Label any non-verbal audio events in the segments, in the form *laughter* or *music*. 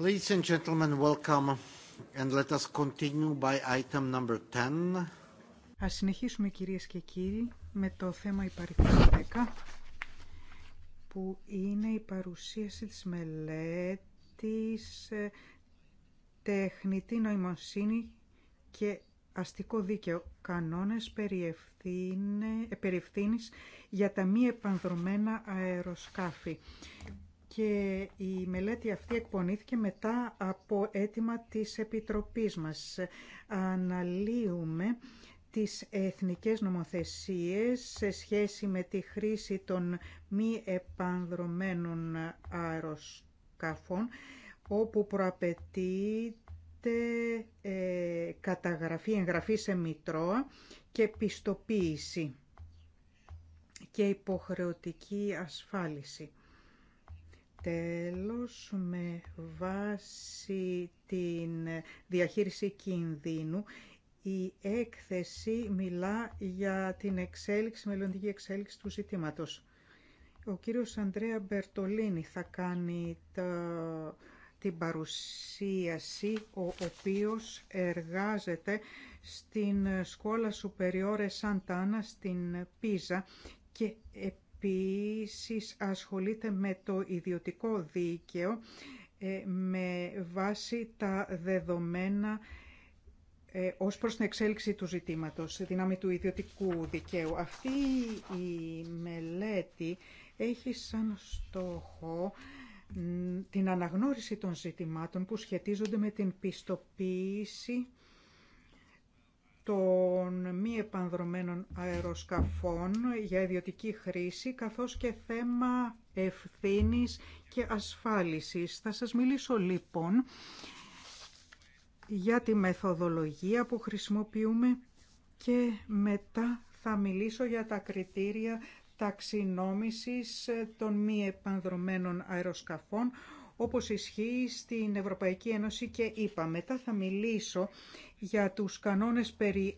Ladies and gentlemen, welcome and let us continue by item number 10. Ας συνεχίσουμε κυρίες και κύριοι με το θέμα 10 που είναι η παρουσίαση της μελέτης ε, τεχνητή νοημοσύνη και αστικό δίκαιο κανόνες περιευθύνης ε, για τα μη επανδρομένα αεροσκάφη και η μελέτη αυτή εκπονήθηκε μετά από αίτημα της Επιτροπής μας. Αναλύουμε τις εθνικές νομοθεσίες σε σχέση με τη χρήση των μη επανδρομένων αεροσκαφών όπου προαπαιτείται ε, καταγραφή, εγγραφή σε μητρώα και πιστοποίηση και υποχρεωτική ασφάλιση. Τέλος, με βάση την διαχείριση κινδύνου, η έκθεση μιλά για την εξέλιξη, μελλοντική εξέλιξη του ζητήματος. Ο κύριος Ανδρέα Μπερτολίνη θα κάνει την παρουσίαση, ο οποίος εργάζεται στην Σκόλα Σουπεριόρε Σαντάνα στην Πίζα και Επίσης ασχολείται με το ιδιωτικό δίκαιο ε, με βάση τα δεδομένα ε, ως προς την εξέλιξη του ζητήματος, δύναμη του ιδιωτικού δικαίου. Αυτή η μελέτη έχει σαν στόχο την αναγνώριση των ζητημάτων που σχετίζονται με την πιστοποίηση των μη επανδρομένων αεροσκαφών για ιδιωτική χρήση, καθώς και θέμα ευθύνης και ασφάλισης. Θα σας μιλήσω λοιπόν για τη μεθοδολογία που χρησιμοποιούμε και μετά θα μιλήσω για τα κριτήρια ταξινόμησης των μη επανδρομένων αεροσκαφών όπως ισχύει στην Ευρωπαϊκή Ένωση και είπα. Μετά θα μιλήσω για τους κανόνες περί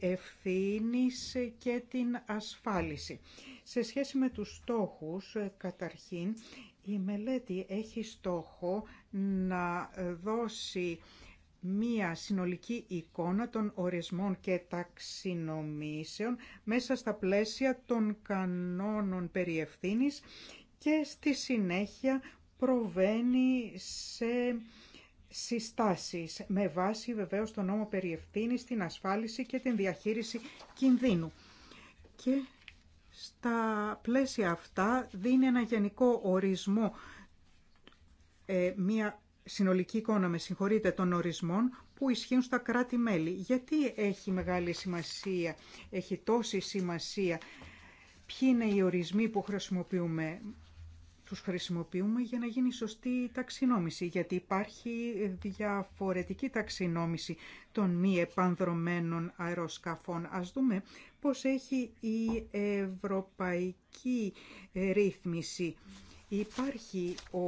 και την ασφάλιση. Σε σχέση με τους στόχους, καταρχήν, η μελέτη έχει στόχο να δώσει μία συνολική εικόνα των ορισμών και ταξινομήσεων μέσα στα πλαίσια των κανόνων περιευθύνης και στη συνέχεια προβαίνει σε συστάσεις με βάση βεβαίως τον νόμο περί ευθύνης, την ασφάλιση και την διαχείριση κινδύνου. Και στα πλαίσια αυτά δίνει ένα γενικό ορισμό, ε, μια συνολική εικόνα, με συγχωρείτε, των ορισμών που ισχύουν στα κράτη-μέλη. Γιατί έχει μεγάλη σημασία, έχει τόση σημασία, ποιοι είναι οι ορισμοί που χρησιμοποιούμε τους χρησιμοποιούμε για να γίνει σωστή ταξινόμηση, γιατί υπάρχει διαφορετική ταξινόμηση των μη επανδρομένων αεροσκαφών. Ας δούμε πώς έχει η ευρωπαϊκή ρύθμιση. Υπάρχει ο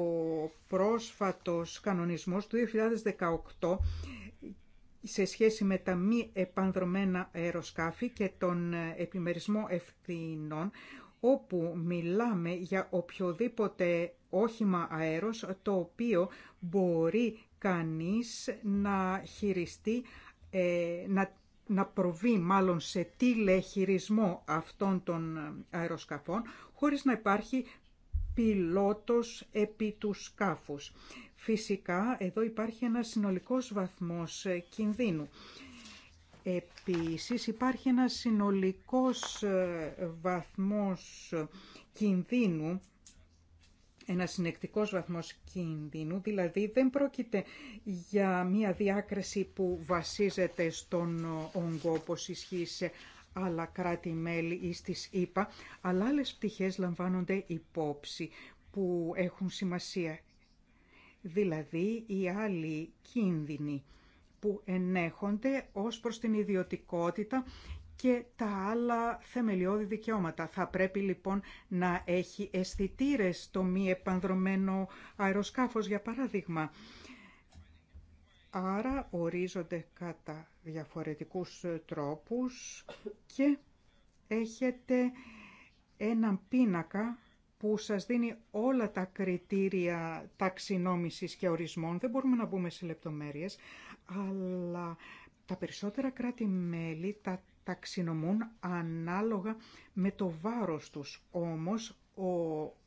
πρόσφατος κανονισμός του 2018 σε σχέση με τα μη επανδρομένα αεροσκάφη και τον επιμερισμό ευθυνών, όπου μιλάμε για οποιοδήποτε όχημα αέρος το οποίο μπορεί κανείς να χειριστεί, ε, να, προβεί μάλλον σε τηλεχειρισμό αυτών των αεροσκαφών χωρίς να υπάρχει πιλότος επί του σκάφους. Φυσικά εδώ υπάρχει ένα συνολικός βαθμός ε, κινδύνου Επίσης υπάρχει ένα συνολικός ε, βαθμός κινδύνου ένα συνεκτικός βαθμός κινδύνου, δηλαδή δεν πρόκειται για μία διάκριση που βασίζεται στον όγκο όπως ισχύει σε άλλα κράτη-μέλη ή στις ΗΠΑ, αλλά άλλες πτυχές λαμβάνονται υπόψη που έχουν σημασία. Δηλαδή οι άλλοι κίνδυνοι που ενέχονται ως προς την ιδιωτικότητα και τα άλλα θεμελιώδη δικαιώματα. Θα πρέπει λοιπόν να έχει αισθητήρε το μη επανδρομένο αεροσκάφος, για παράδειγμα. Άρα ορίζονται κατά διαφορετικούς τρόπους και έχετε έναν πίνακα που σας δίνει όλα τα κριτήρια ταξινόμησης και ορισμών. Δεν μπορούμε να μπούμε σε λεπτομέρειες, αλλά τα περισσότερα κράτη-μέλη τα ταξινομούν ανάλογα με το βάρος τους. Όμως, ο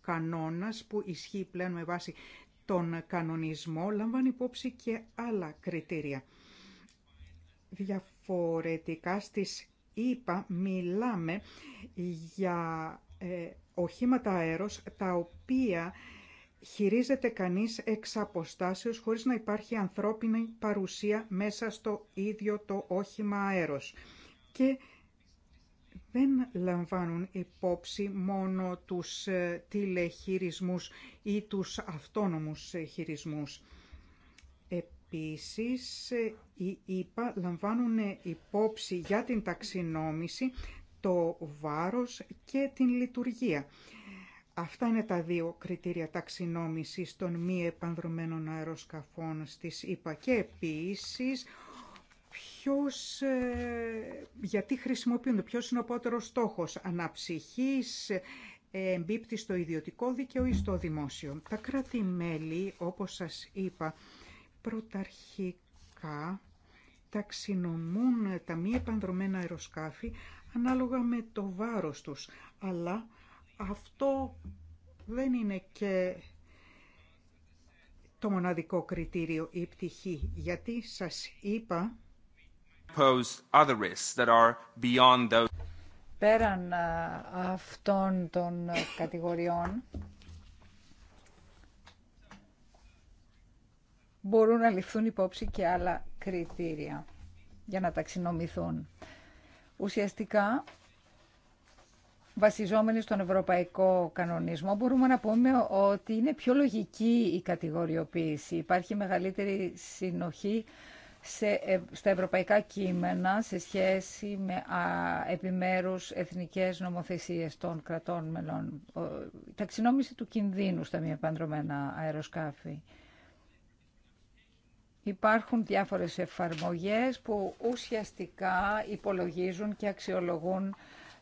κανόνας που ισχύει πλέον με βάση τον κανονισμό λαμβάνει υπόψη και άλλα κριτήρια. Διαφορετικά στις ΗΠΑ μιλάμε για ε, οχήματα αέρος τα οποία χειρίζεται κανείς εξ αποστάσεως χωρίς να υπάρχει ανθρώπινη παρουσία μέσα στο ίδιο το όχημα αέρος. Και δεν λαμβάνουν υπόψη μόνο τους ε, τηλεχειρισμούς ή τους αυτόνομους ε, χειρισμούς. Επίσης, ε, οι ΙΠΑ λαμβάνουν υπόψη για την ταξινόμηση το βάρος και την λειτουργία. Αυτά είναι τα δύο κριτήρια ταξινόμησης των μη επανδρομένων αεροσκαφών στις ίπα και επίσης ποιος, ε, γιατί χρησιμοποιούνται, ποιος είναι ο πότερος στόχος αναψυχής, ε, εμπίπτει στο ιδιωτικό δίκαιο ή στο δημόσιο. Τα κράτη-μέλη, όπως σας είπα, πρωταρχικά ταξινομούν τα μη επανδρομένα αεροσκάφη ανάλογα με το βάρος τους, αλλά αυτό δεν είναι και το μοναδικό κριτήριο η πτυχή, γιατί σας είπα πέραν αυτών των κατηγοριών μπορούν να ληφθούν υπόψη και άλλα κριτήρια για να ταξινομηθούν. Ουσιαστικά βασιζόμενοι στον ευρωπαϊκό κανονισμό, μπορούμε να πούμε ότι είναι πιο λογική η κατηγοριοποίηση. Υπάρχει μεγαλύτερη συνοχή σε, στα ευρωπαϊκά κείμενα σε σχέση με α, επιμέρους εθνικές νομοθεσίες των κρατών μελών. ταξινόμηση του κινδύνου στα μη επανδρομένα αεροσκάφη. Υπάρχουν διάφορες εφαρμογές που ουσιαστικά υπολογίζουν και αξιολογούν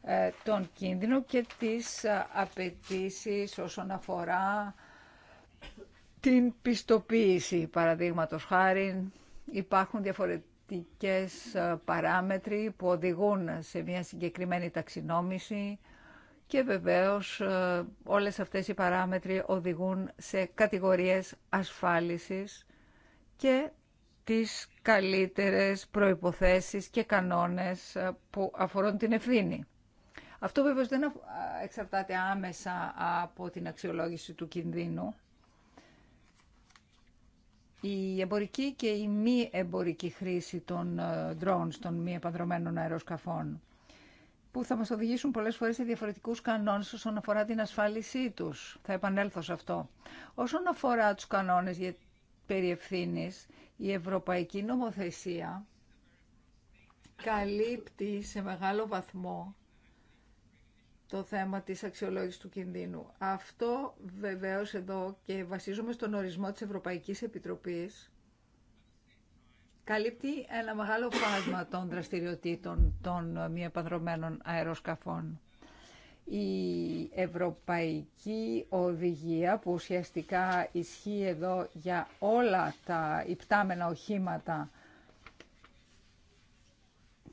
ε, τον κίνδυνο και τις ε, απαιτήσει όσον αφορά την πιστοποίηση. Παραδείγματος χάρη υπάρχουν διαφορετικές ε, παράμετροι που οδηγούν σε μια συγκεκριμένη ταξινόμηση και βεβαίως όλες αυτές οι παράμετροι οδηγούν σε κατηγορίες ασφάλισης και τις καλύτερες προϋποθέσεις και κανόνες που αφορούν την ευθύνη. Αυτό βέβαια δεν εξαρτάται άμεσα από την αξιολόγηση του κινδύνου. Η εμπορική και η μη εμπορική χρήση των ε, drones, των μη επανδρομένων αεροσκαφών, που θα μας οδηγήσουν πολλές φορές σε διαφορετικούς κανόνες όσον αφορά την ασφάλισή τους. Θα επανέλθω σε αυτό. Όσον αφορά τους κανόνες για περί η ευρωπαϊκή νομοθεσία καλύπτει σε μεγάλο βαθμό το θέμα της αξιολόγησης του κινδύνου. Αυτό βεβαίως εδώ και βασίζομαι στον ορισμό της Ευρωπαϊκής Επιτροπής καλύπτει ένα μεγάλο φάσμα των δραστηριοτήτων των μη επανδρομένων αεροσκαφών. Η Ευρωπαϊκή Οδηγία που ουσιαστικά ισχύει εδώ για όλα τα υπτάμενα οχήματα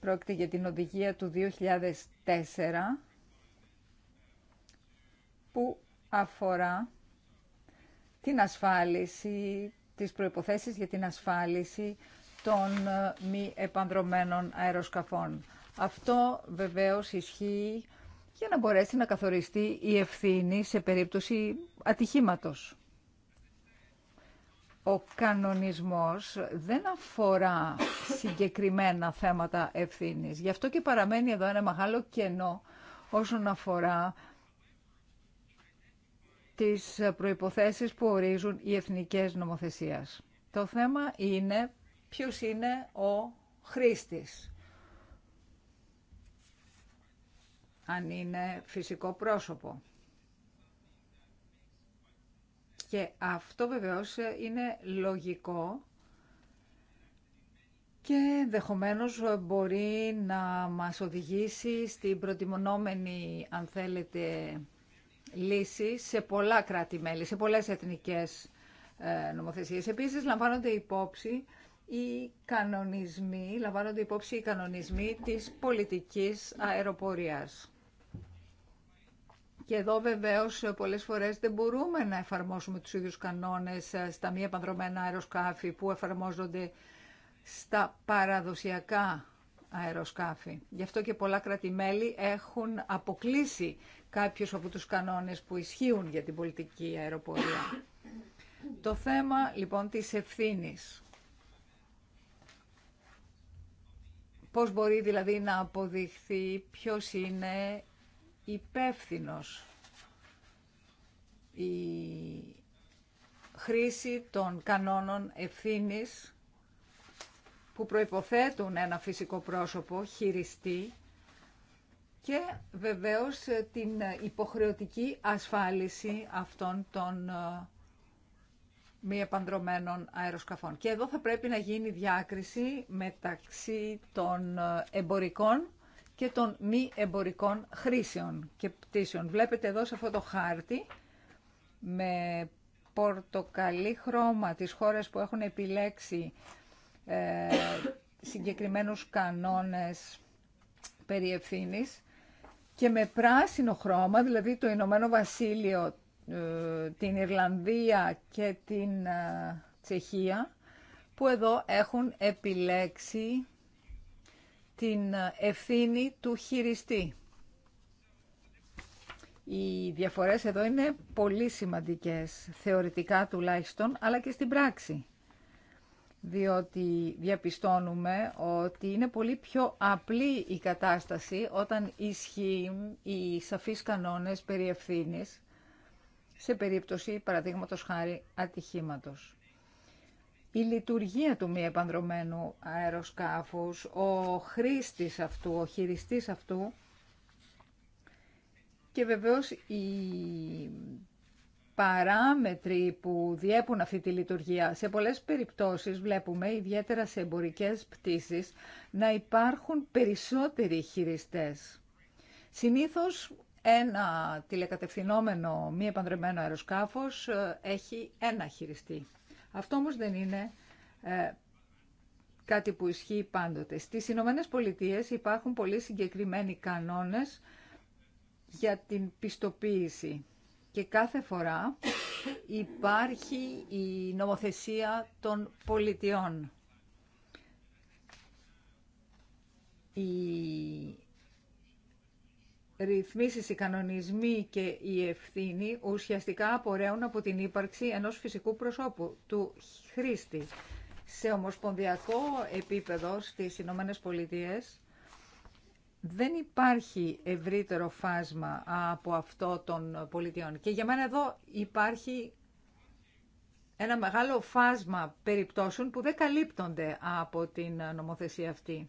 πρόκειται για την οδηγία του 2004 που αφορά την ασφάλιση, τις προϋποθέσεις για την ασφάλιση των ε, μη επανδρομένων αεροσκαφών. Αυτό βεβαίως ισχύει για να μπορέσει να καθοριστεί η ευθύνη σε περίπτωση ατυχήματος. Ο κανονισμός δεν αφορά συγκεκριμένα θέματα ευθύνης. Γι' αυτό και παραμένει εδώ ένα μεγάλο κενό όσον αφορά τις προϋποθέσεις που ορίζουν οι εθνικές νομοθεσίες. Το θέμα είναι ποιος είναι ο χρήστης. Αν είναι φυσικό πρόσωπο. Και αυτό βεβαίως είναι λογικό και ενδεχομένω μπορεί να μας οδηγήσει στην προτιμονόμενη, αν θέλετε, λύση σε πολλά κράτη-μέλη, σε πολλές εθνικές ε, νομοθεσίες. Επίσης, λαμβάνονται υπόψη οι κανονισμοί, λαμβάνονται υπόψη οι κανονισμοί της πολιτικής αεροπορίας. Και εδώ βεβαίως πολλές φορές δεν μπορούμε να εφαρμόσουμε τους ίδιους κανόνες ε, στα μη επανδρομένα αεροσκάφη που εφαρμόζονται στα παραδοσιακά αεροσκάφη. Γι' αυτό και πολλά μέλη έχουν αποκλείσει κάποιους από τους κανόνες που ισχύουν για την πολιτική αεροπορία. Το θέμα λοιπόν της ευθύνης. Πώς μπορεί δηλαδή να αποδειχθεί ποιος είναι υπεύθυνο η χρήση των κανόνων ευθύνης που προϋποθέτουν ένα φυσικό πρόσωπο χειριστή και βεβαίως την υποχρεωτική ασφάλιση αυτών των ε, μη επανδρομένων αεροσκαφών. Και εδώ θα πρέπει να γίνει διάκριση μεταξύ των ε, εμπορικών και των μη εμπορικών χρήσεων και πτήσεων. Βλέπετε εδώ σε αυτό το χάρτη με πορτοκαλί χρώμα τις χώρες που έχουν επιλέξει ε, συγκεκριμένους κανόνες περί ευθύνης και με πράσινο χρώμα, δηλαδή το Ηνωμένο Βασίλειο, ε, την Ιρλανδία και την ε, Τσεχία, που εδώ έχουν επιλέξει την ευθύνη του χειριστή. Οι διαφορές εδώ είναι πολύ σημαντικές, θεωρητικά τουλάχιστον, αλλά και στην πράξη διότι διαπιστώνουμε ότι είναι πολύ πιο απλή η κατάσταση όταν ισχύουν οι σαφείς κανόνες περί σε περίπτωση παραδείγματο χάρη ατυχήματος. Η λειτουργία του μη επανδρομένου αεροσκάφους, ο χρήστης αυτού, ο χειριστής αυτού και βεβαίως η παράμετροι που διέπουν αυτή τη λειτουργία. Σε πολλές περιπτώσεις βλέπουμε, ιδιαίτερα σε εμπορικές πτήσεις, να υπάρχουν περισσότεροι χειριστές. Συνήθως ένα τηλεκατευθυνόμενο μη επανδρεμένο αεροσκάφος ε, έχει ένα χειριστή. Αυτό όμως δεν είναι ε, κάτι που ισχύει πάντοτε. Στις Ηνωμένε Πολιτείες υπάρχουν πολύ συγκεκριμένοι κανόνες για την πιστοποίηση και κάθε φορά υπάρχει η νομοθεσία των πολιτιών. Οι ρυθμίσεις, οι κανονισμοί και η ευθύνη ουσιαστικά απορρέουν από την ύπαρξη ενός φυσικού προσώπου, του χρήστη. Σε ομοσπονδιακό επίπεδο στις Ηνωμένες Πολιτείες δεν υπάρχει ευρύτερο φάσμα από αυτό των πολιτιών. Και για μένα εδώ υπάρχει ένα μεγάλο φάσμα περιπτώσεων που δεν καλύπτονται από την νομοθεσία αυτή.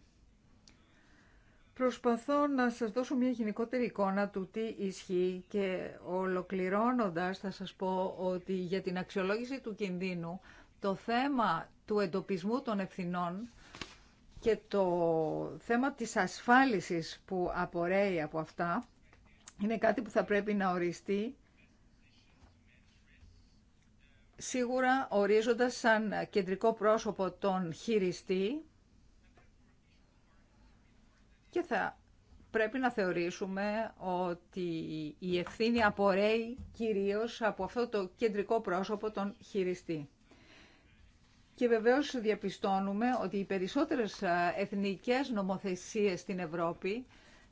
Προσπαθώ να σας δώσω μια γενικότερη εικόνα του τι ισχύει και ολοκληρώνοντας θα σας πω ότι για την αξιολόγηση του κινδύνου το θέμα του εντοπισμού των ευθυνών και το θέμα της ασφάλισης που απορρέει από αυτά είναι κάτι που θα πρέπει να οριστεί σίγουρα ορίζοντας σαν κεντρικό πρόσωπο τον χειριστή και θα πρέπει να θεωρήσουμε ότι η ευθύνη απορρέει κυρίως από αυτό το κεντρικό πρόσωπο τον χειριστή. Και βεβαίως διαπιστώνουμε ότι οι περισσότερες ε, εθνικές νομοθεσίες στην Ευρώπη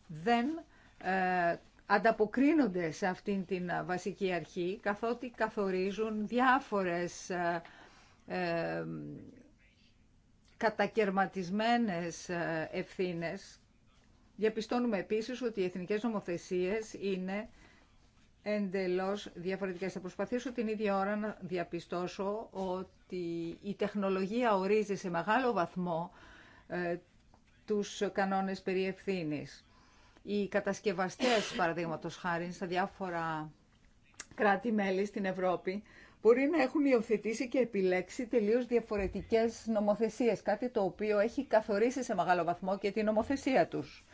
δεν ε, ανταποκρίνονται σε αυτήν την ε, βασική αρχή, καθότι καθορίζουν διάφορες ε, ε, κατακαιρματισμένες ε, ευθύνες. Διαπιστώνουμε επίσης ότι οι εθνικές νομοθεσίες είναι εντελώς διαφορετικέ. Θα προσπαθήσω την ίδια ώρα να διαπιστώσω ότι η τεχνολογία ορίζει σε μεγάλο βαθμό ε, τους κανόνες περί ευθύνης. Οι κατασκευαστέ, παραδείγματο χάρη, στα διάφορα κράτη-μέλη στην Ευρώπη, μπορεί να έχουν υιοθετήσει και επιλέξει τελείως διαφορετικές νομοθεσίες, κάτι το οποίο έχει καθορίσει σε μεγάλο βαθμό και την νομοθεσία τους.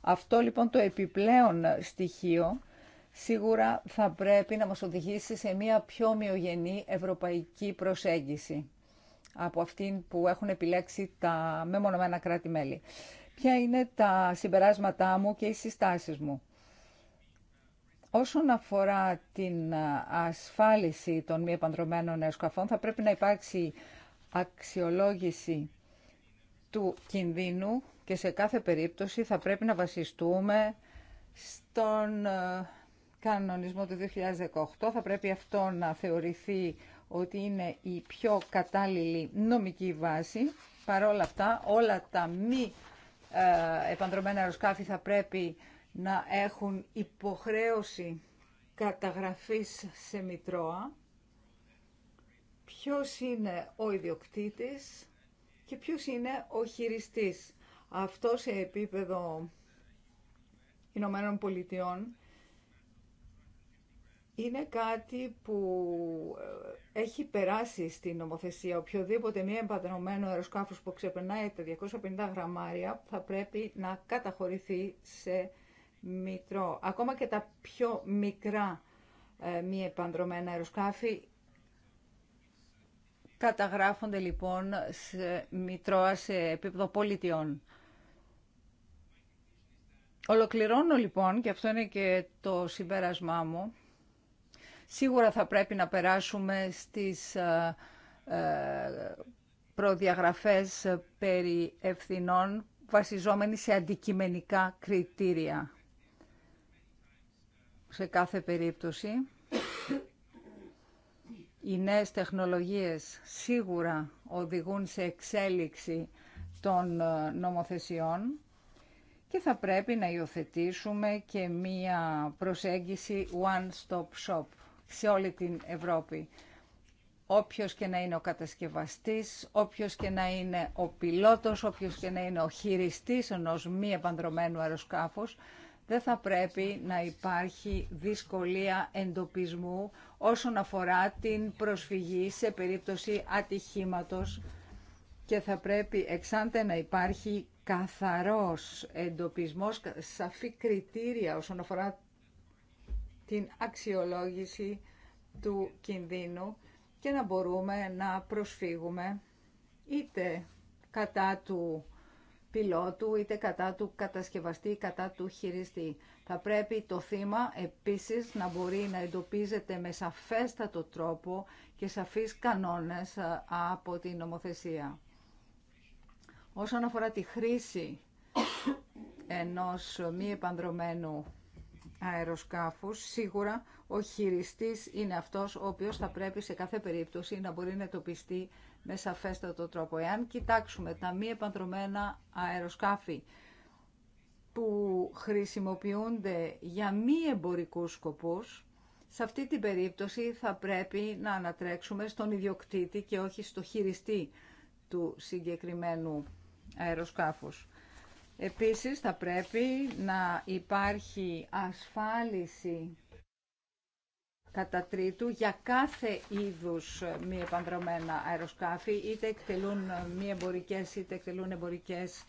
Αυτό λοιπόν το επιπλέον στοιχείο σίγουρα θα πρέπει να μας οδηγήσει σε μια πιο ομοιογενή ευρωπαϊκή προσέγγιση από αυτήν που έχουν επιλέξει τα μεμονωμένα κράτη-μέλη. Ποια είναι τα συμπεράσματά μου και οι συστάσεις μου. Όσον αφορά την ασφάλιση των μη επανδρομένων αεροσκαφών, θα πρέπει να υπάρξει αξιολόγηση του κινδύνου και σε κάθε περίπτωση θα πρέπει να βασιστούμε στον ε, κανονισμό του 2018. Θα πρέπει αυτό να θεωρηθεί ότι είναι η πιο κατάλληλη νομική βάση. Παρόλα αυτά, όλα τα μη ε, επανδρομένα αεροσκάφη θα πρέπει να έχουν υποχρέωση καταγραφής σε Μητρώα. Ποιος είναι ο ιδιοκτήτης και ποιος είναι ο χειριστής. Αυτό σε επίπεδο Ηνωμένων Πολιτειών είναι κάτι που ε, έχει περάσει στην νομοθεσία. Οποιοδήποτε μη εμπαδρομένο αεροσκάφος που ξεπερνάει τα 250 γραμμάρια θα πρέπει να καταχωρηθεί σε μητρό. Ακόμα και τα πιο μικρά ε, μη επανδρομένα αεροσκάφη καταγράφονται λοιπόν σε μητρό σε επίπεδο πολιτιών. Ολοκληρώνω λοιπόν, και αυτό είναι και το συμπέρασμά μου, Σίγουρα θα πρέπει να περάσουμε στις ε, ε, προδιαγραφές περί ευθυνών βασιζόμενοι σε αντικειμενικά κριτήρια. Σε κάθε περίπτωση, οι νέες τεχνολογίες σίγουρα οδηγούν σε εξέλιξη των ε, νομοθεσιών και θα πρέπει να υιοθετήσουμε και μία προσέγγιση one-stop shop σε όλη την Ευρώπη. Όποιος και να είναι ο κατασκευαστής, όποιος και να είναι ο πιλότος, όποιος και να είναι ο χειριστής ενός μη επανδρομένου αεροσκάφους, δεν θα πρέπει να υπάρχει δυσκολία εντοπισμού όσον αφορά την προσφυγή σε περίπτωση ατυχήματος και θα πρέπει εξάντε να υπάρχει καθαρός εντοπισμός, σαφή κριτήρια όσον αφορά την αξιολόγηση του κινδύνου και να μπορούμε να προσφύγουμε είτε κατά του πιλότου, είτε κατά του κατασκευαστή, κατά του χειριστή. Θα πρέπει το θύμα επίσης να μπορεί να εντοπίζεται με σαφέστατο τρόπο και σαφείς κανόνες ε, από την νομοθεσία. Όσον αφορά τη χρήση ενός μη επανδρομένου αεροσκάφους. Σίγουρα ο χειριστής είναι αυτός ο οποίος θα πρέπει σε κάθε περίπτωση να μπορεί να εντοπιστεί με σαφέστατο τρόπο. Εάν κοιτάξουμε τα μη επανδρομένα αεροσκάφη που χρησιμοποιούνται για μη εμπορικούς σκοπούς, σε αυτή την περίπτωση θα πρέπει να ανατρέξουμε στον ιδιοκτήτη και όχι στο χειριστή του συγκεκριμένου αεροσκάφους. Επίσης θα πρέπει να υπάρχει ασφάλιση κατά τρίτου για κάθε είδους μη επανδρομένα αεροσκάφη, είτε εκτελούν μη εμπορικές είτε εκτελούν εμπορικές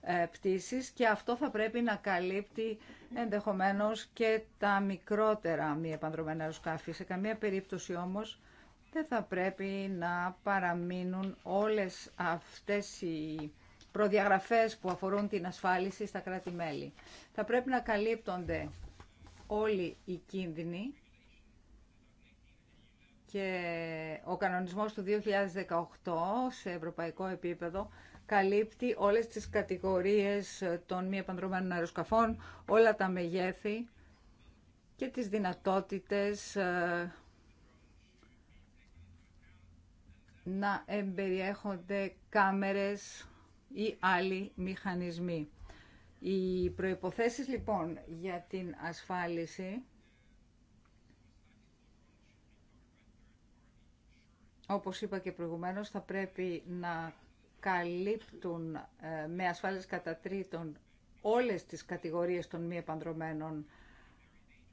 ε, πτήσεις και αυτό θα πρέπει να καλύπτει ενδεχομένως και τα μικρότερα μη επανδρομένα αεροσκάφη. Σε καμία περίπτωση όμως δεν θα πρέπει να παραμείνουν όλες αυτές οι προδιαγραφές που αφορούν την ασφάλιση στα κράτη-μέλη. Θα πρέπει να καλύπτονται όλοι οι κίνδυνοι και ο κανονισμός του 2018 σε ευρωπαϊκό επίπεδο καλύπτει όλες τις κατηγορίες των μη επανδρομένων αεροσκαφών, όλα τα μεγέθη και τις δυνατότητες ε, να εμπεριέχονται κάμερες ή άλλοι μηχανισμοί. Οι προϋποθέσεις λοιπόν για την ασφάλιση όπως είπα και προηγουμένως θα πρέπει να καλύπτουν ε, με ασφάλιση κατά τρίτον όλες τις κατηγορίες των μη επανδρομένων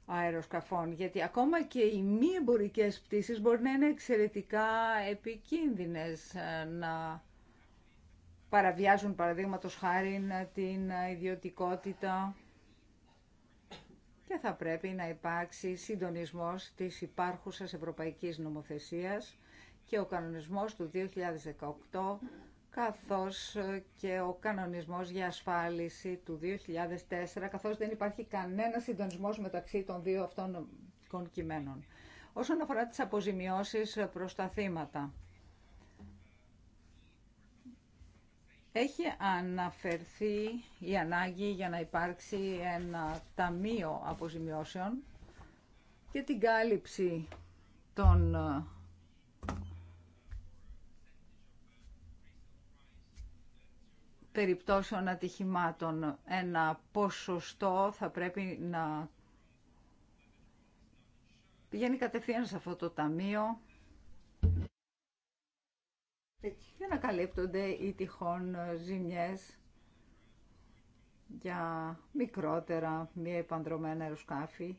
αεροσκαφών, γιατί ακόμα και οι μη εμπορικές πτήσεις μπορεί να είναι εξαιρετικά επικίνδυνες, ε, να παραβιάζουν παραδείγματος χάρη την ιδιωτικότητα και θα πρέπει να υπάρξει συντονισμός της υπάρχουσας ευρωπαϊκής νομοθεσίας και ο κανονισμός του 2018 καθώς και ο κανονισμός για ασφάλιση του 2004, καθώς δεν υπάρχει κανένα συντονισμός μεταξύ των δύο αυτών κειμένων. Όσον αφορά τις αποζημιώσεις προς τα θύματα, Έχει αναφερθεί η ανάγκη για να υπάρξει ένα ταμείο αποζημιώσεων και την κάλυψη των ε, περιπτώσεων ατυχημάτων. Ένα ποσοστό θα πρέπει να πηγαίνει κατευθείαν σε αυτό το ταμείο δεν ανακαλύπτονται οι τυχόν ε, ζημιές για μικρότερα μη επανδρομένα αεροσκάφη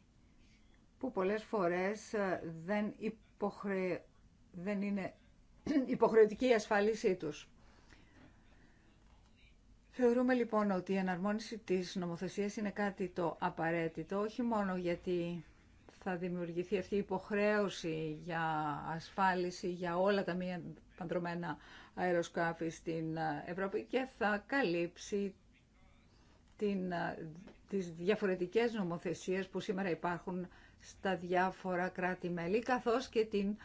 που πολλές φορές ε, δεν, υποχρε... δεν είναι *clears throat* υποχρεωτική η ασφάλισή τους. Θεωρούμε λοιπόν ότι η εναρμόνιση της νομοθεσίας είναι κάτι το απαραίτητο, όχι μόνο γιατί θα δημιουργηθεί αυτή η υποχρέωση για ασφάλιση για όλα τα μία παντρωμένα αεροσκάφη στην Ευρώπη και θα καλύψει την, τις διαφορετικές νομοθεσίες που σήμερα υπάρχουν στα διάφορα κράτη-μέλη, καθώς και την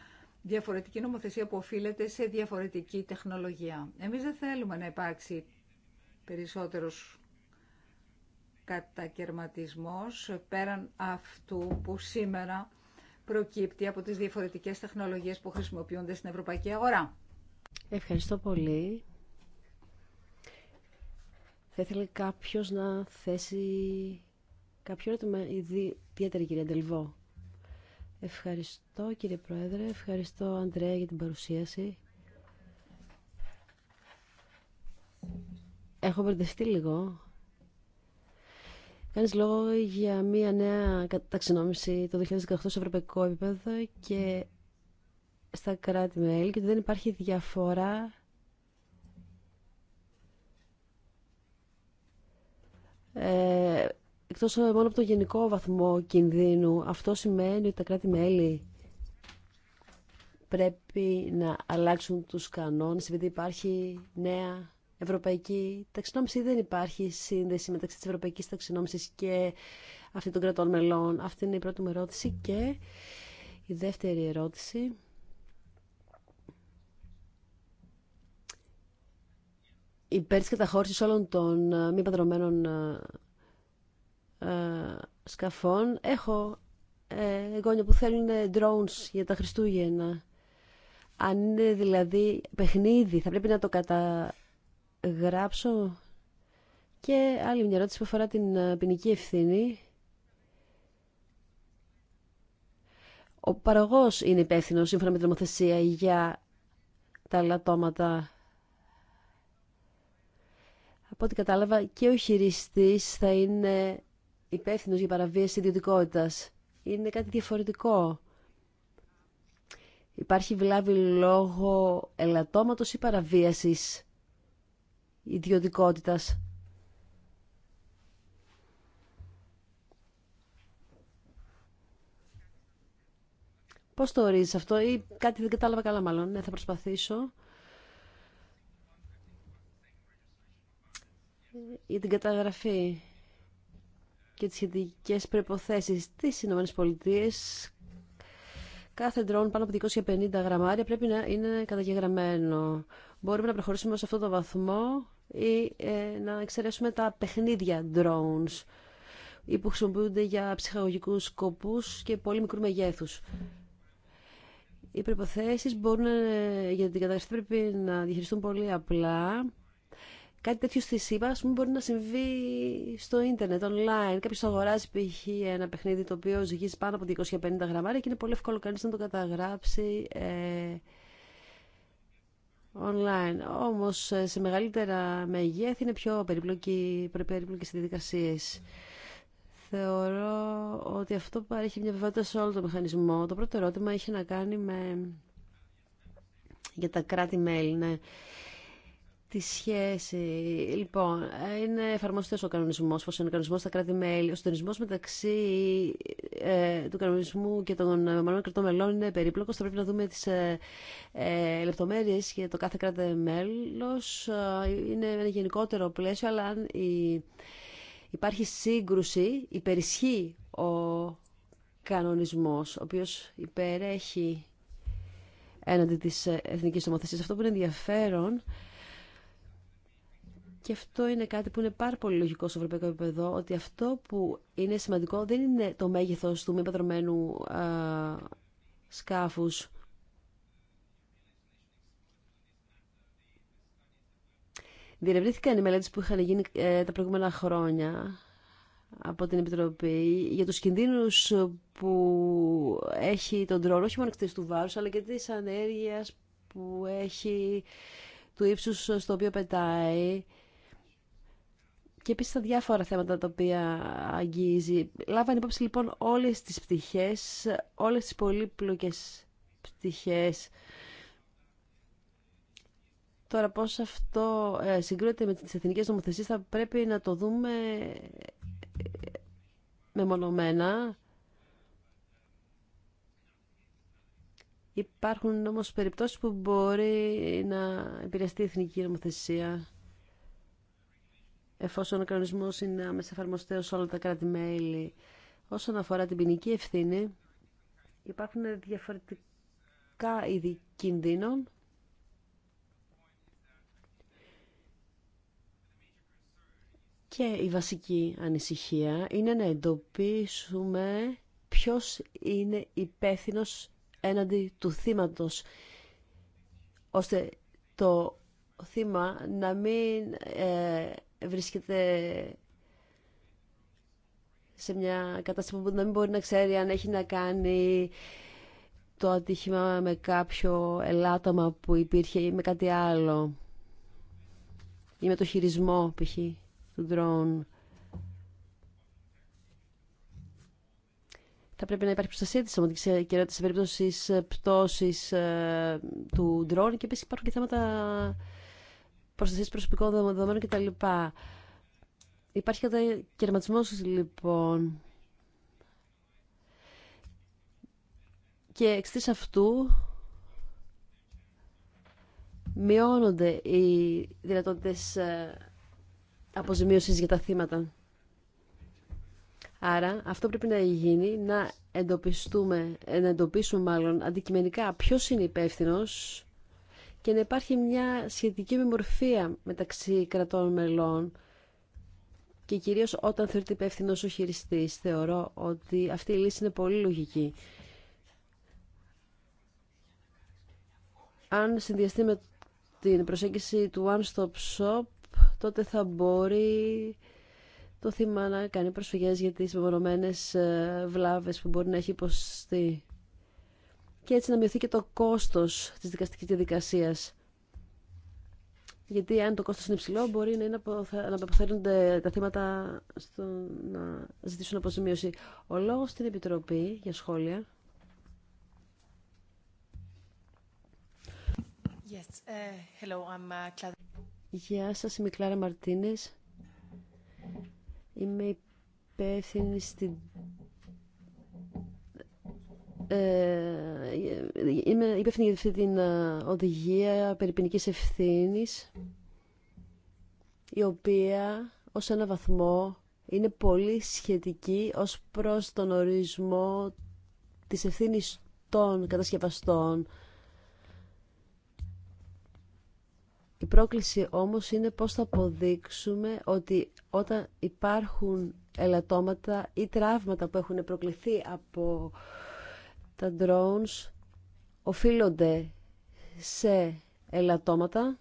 διαφορετική νομοθεσία που οφείλεται σε διαφορετική τεχνολογία. Εμείς δεν θέλουμε να υπάρξει περισσότερος κατακαιρματισμός πέραν αυτού που σήμερα προκύπτει από τις διαφορετικές τεχνολογίες που χρησιμοποιούνται στην ευρωπαϊκή αγορά. Ευχαριστώ πολύ. Θα ήθελε κάποιος να θέσει κάποιο ερώτημα, ιδιαίτερη κυρία Ντελβό. Ευχαριστώ κύριε Πρόεδρε, ευχαριστώ Αντρέα για την παρουσίαση. Έχω μπερδευτεί λίγο κάνεις λόγο για μια νέα ταξινόμηση το 2018 σε ευρωπαϊκό επίπεδο και στα κράτη-μέλη και δεν υπάρχει διαφορά ε, εκτός ε, μόνο από το γενικό βαθμό κινδύνου. Αυτό σημαίνει ότι τα κράτη-μέλη πρέπει να αλλάξουν τους κανόνες επειδή υπάρχει νέα ευρωπαϊκή ταξινόμηση δεν υπάρχει σύνδεση μεταξύ της ευρωπαϊκής ταξινόμησης και αυτή των κρατών μελών. Αυτή είναι η πρώτη μου ερώτηση και η δεύτερη ερώτηση. Υπέρ της καταχώρησης όλων των ε, μη παντρωμένων ε, ε, σκαφών έχω εγγόνια που θέλουν drones για τα Χριστούγεννα. Αν είναι δηλαδή παιχνίδι, θα πρέπει να το κατα γράψω και άλλη μια ερώτηση που αφορά την ε, ποινική ευθύνη. Ο παραγός είναι υπεύθυνο σύμφωνα με την νομοθεσία για τα λατώματα. Από ό,τι κατάλαβα και ο χειριστής θα είναι υπεύθυνο για παραβίαση ιδιωτικότητας. Είναι κάτι διαφορετικό. Υπάρχει βλάβη λόγω ελαττώματος ή παραβίασης ιδιωτικότητας. Πώς το ορίζεις αυτό ή κάτι δεν κατάλαβα καλά μάλλον. Ναι, θα προσπαθήσω. Για την καταγραφή και τις σχετικές προϋποθέσεις στις Ηνωμένες κάθε drone πάνω από 250 γραμμάρια πρέπει να είναι καταγεγραμμένο. Μπορούμε να προχωρήσουμε σε αυτό το βαθμό ή ε, να εξαιρέσουμε τα παιχνίδια drones ή που χρησιμοποιούνται για ψυχαγωγικούς σκοπούς και πολύ μικρού μεγέθους. Οι προποθέσει μπορούν ε, για την καταγραφή πρέπει να διαχειριστούν πολύ απλά. Κάτι τέτοιο στη ΣΥΠΑ μπορεί να συμβεί στο ίντερνετ, online. Κάποιο αγοράζει π.χ. ένα παιχνίδι το οποίο ζυγίζει πάνω από 250 γραμμάρια και είναι πολύ εύκολο κανεί να το καταγράψει. Ε, online. Όμως ε, σε μεγαλύτερα μεγέθη είναι πιο περίπλοκη, στις διαδικασίες. Θεωρώ ότι αυτό παρέχει μια βεβαιότητα σε όλο το μηχανισμό. Το πρώτο ερώτημα είχε να κάνει με για τα κράτη-μέλη, ναι τη σχέση. Λοιπόν, είναι εφαρμοστέ ο κανονισμό, είναι ο κανονισμό στα κράτη-μέλη. Ο συντονισμό μεταξύ ε, του κανονισμού και των μεμονωμένων κρατών μελών είναι περίπλοκο. Θα πρέπει να δούμε τι ε, ε, λεπτομέρειε για το καθε κρατη κράτο-μέλο. Ε, είναι ένα γενικότερο πλαίσιο, αλλά αν η, υπάρχει σύγκρουση, υπερισχύει ο κανονισμός, ο οποίο υπερέχει έναντι τη εθνική νομοθεσία. Αυτό που είναι ενδιαφέρον και αυτό είναι κάτι που είναι πάρα πολύ λογικό στο ευρωπαϊκό επίπεδο, ότι αυτό που είναι σημαντικό δεν είναι το μέγεθος του μη πατρωμένου σκάφους. Διερευνήθηκαν οι μελέτες που είχαν γίνει ε, τα προηγούμενα χρόνια από την Επιτροπή για τους κινδύνου που έχει τον τρόλο, όχι μόνο του βάρους, αλλά και της ανέργειας που έχει του ύψους στο οποίο πετάει και επίση τα διάφορα θέματα τα οποία αγγίζει. Λάβανε υπόψη λοιπόν όλες τις πτυχές, όλες τις πολύπλοκες πτυχές. Τώρα πώς αυτό ε, συγκρούεται με τι εθνικέ νομοθεσίε, θα πρέπει να το δούμε μεμονωμένα. Υπάρχουν όμως περιπτώσεις που μπορεί να επηρεαστεί η εθνική νομοθεσία εφόσον ο κανονισμό είναι άμεσα σε όλα τα κράτη-μέλη. Όσον αφορά την ποινική ευθύνη, υπάρχουν διαφορετικά είδη κινδύνων. Και η βασική ανησυχία είναι να εντοπίσουμε ποιος είναι υπεύθυνο έναντι του θύματος, ώστε το θύμα να μην ε, βρίσκεται σε μια κατάσταση που δεν μπορεί να ξέρει αν έχει να κάνει το ατύχημα με κάποιο ελάττωμα που υπήρχε ή με κάτι άλλο ή με το χειρισμό π.χ. του ντρόν. Θα πρέπει να υπάρχει προστασία της σωματικής κυριότητας σε περίπτωση ε, πτώσης ε, του ντρόν και επίσης υπάρχουν και θέματα Προστασία προσωπικών δεδομένων κτλ. Υπάρχει κερματισμό λοιπόν. Και εξ αυτού μειώνονται οι δυνατότητες ε, αποζημίωσης για τα θύματα. Άρα αυτό πρέπει να γίνει, να εντοπιστούμε, να εντοπίσουμε μάλλον αντικειμενικά ποιος είναι υπεύθυνο και να υπάρχει μια σχετική μορφία μεταξύ κρατών μελών και κυρίως όταν θεωρείται υπεύθυνο ο χειριστής. Θεωρώ ότι αυτή η λύση είναι πολύ λογική. Αν συνδυαστεί με την προσέγγιση του One Stop Shop, τότε θα μπορεί το θύμα να κάνει προσφυγές για τις μεμονωμένες ε, βλάβες που μπορεί να έχει υποστεί και έτσι να μειωθεί και το κόστος της δικαστικής διαδικασίας. Γιατί αν το κόστος είναι υψηλό μπορεί να, είναι να αποφέρονται τα θύματα στο να ζητήσουν αποζημίωση. Ο λόγος στην Επιτροπή για σχόλια. Yes. Uh, hello, I'm uh, Γεια σας, είμαι η Κλάρα Μαρτίνες. Είμαι υπεύθυνη στην ε, είμαι υπεύθυνη για αυτή την ε, οδηγία περιπινικής ευθύνης η οποία ως ένα βαθμό είναι πολύ σχετική ως προς τον ορισμό της ευθύνης των κατασκευαστών. Η πρόκληση όμως είναι πώς θα αποδείξουμε ότι όταν υπάρχουν ελαττώματα ή τραύματα που έχουν προκληθεί από τα drones οφείλονται σε ελαττώματα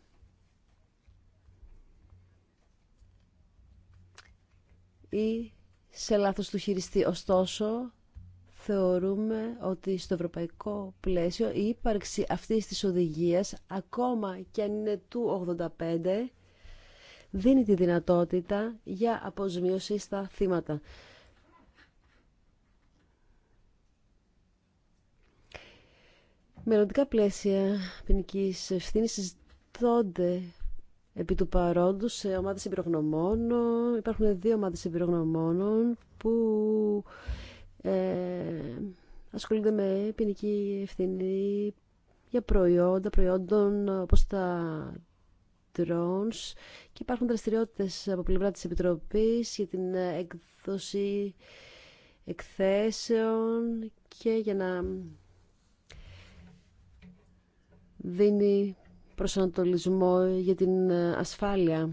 ή σε λάθος του χειριστή. Ωστόσο, θεωρούμε ότι στο ευρωπαϊκό πλαίσιο η ύπαρξη αυτής της οδηγίας, ακόμα και αν είναι του 85, δίνει τη δυνατότητα για αποσμίωση στα θύματα. Μελλοντικά πλαίσια ποινική ευθύνη συζητώνται επί του παρόντο σε ομάδε εμπειρογνωμόνων. Υπάρχουν δύο ομάδε εμπειρογνωμόνων που ε, ασχολούνται με ποινική ευθύνη για προϊόντα, προϊόντων όπω τα drones και υπάρχουν δραστηριότητε από πλευρά τη Επιτροπής για την έκδοση εκθέσεων και για να δίνει προσανατολισμό για την ε, ασφάλεια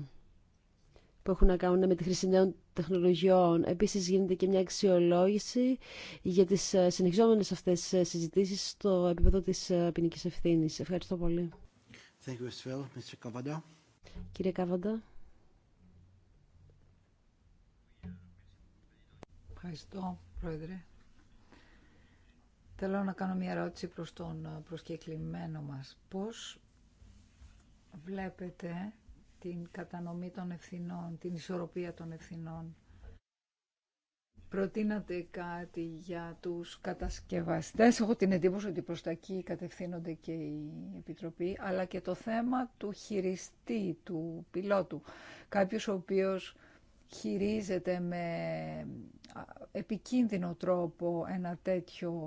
που έχουν να κάνουν με τη χρήση νέων τεχνολογιών. Επίσης γίνεται και μια αξιολόγηση για τις ε, συνεχιζόμενες αυτές ε, συζητήσεις στο επίπεδο της ποινική ευθύνη. Ευχαριστώ πολύ. Thank you Κύριε Κάβαντα. Ευχαριστώ, Πρόεδρε. Θέλω να κάνω μια ερώτηση προς τον ε, προσκεκλημένο μας. Πώς βλέπετε την κατανομή των ευθυνών, την ισορροπία των ευθυνών. Προτείνατε κάτι για τους κατασκευαστές. Έχω την εντύπωση ότι προς τα εκεί κατευθύνονται και η Επιτροπή, αλλά και το θέμα του χειριστή, του πιλότου. Κάποιος ο οποίος χειρίζεται με επικίνδυνο τρόπο ένα τέτοιο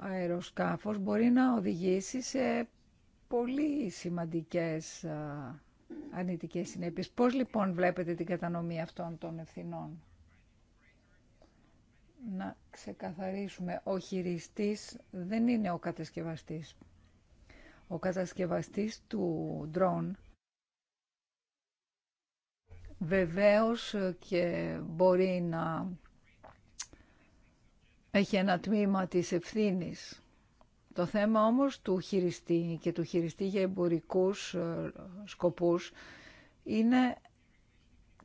αεροσκάφος μπορεί να οδηγήσει σε πολύ σημαντικές ανητικές συνέπειες. Πώς λοιπόν βλέπετε την κατανομή αυτών των ευθυνών. Να ξεκαθαρίσουμε, ο χειριστής δεν είναι ο κατασκευαστής. Ο κατασκευαστής του ντρόν βεβαίως και μπορεί να έχει ένα τμήμα της ευθύνης. Το θέμα όμως του χειριστή και του χειριστή για εμπορικούς ε, σκοπούς είναι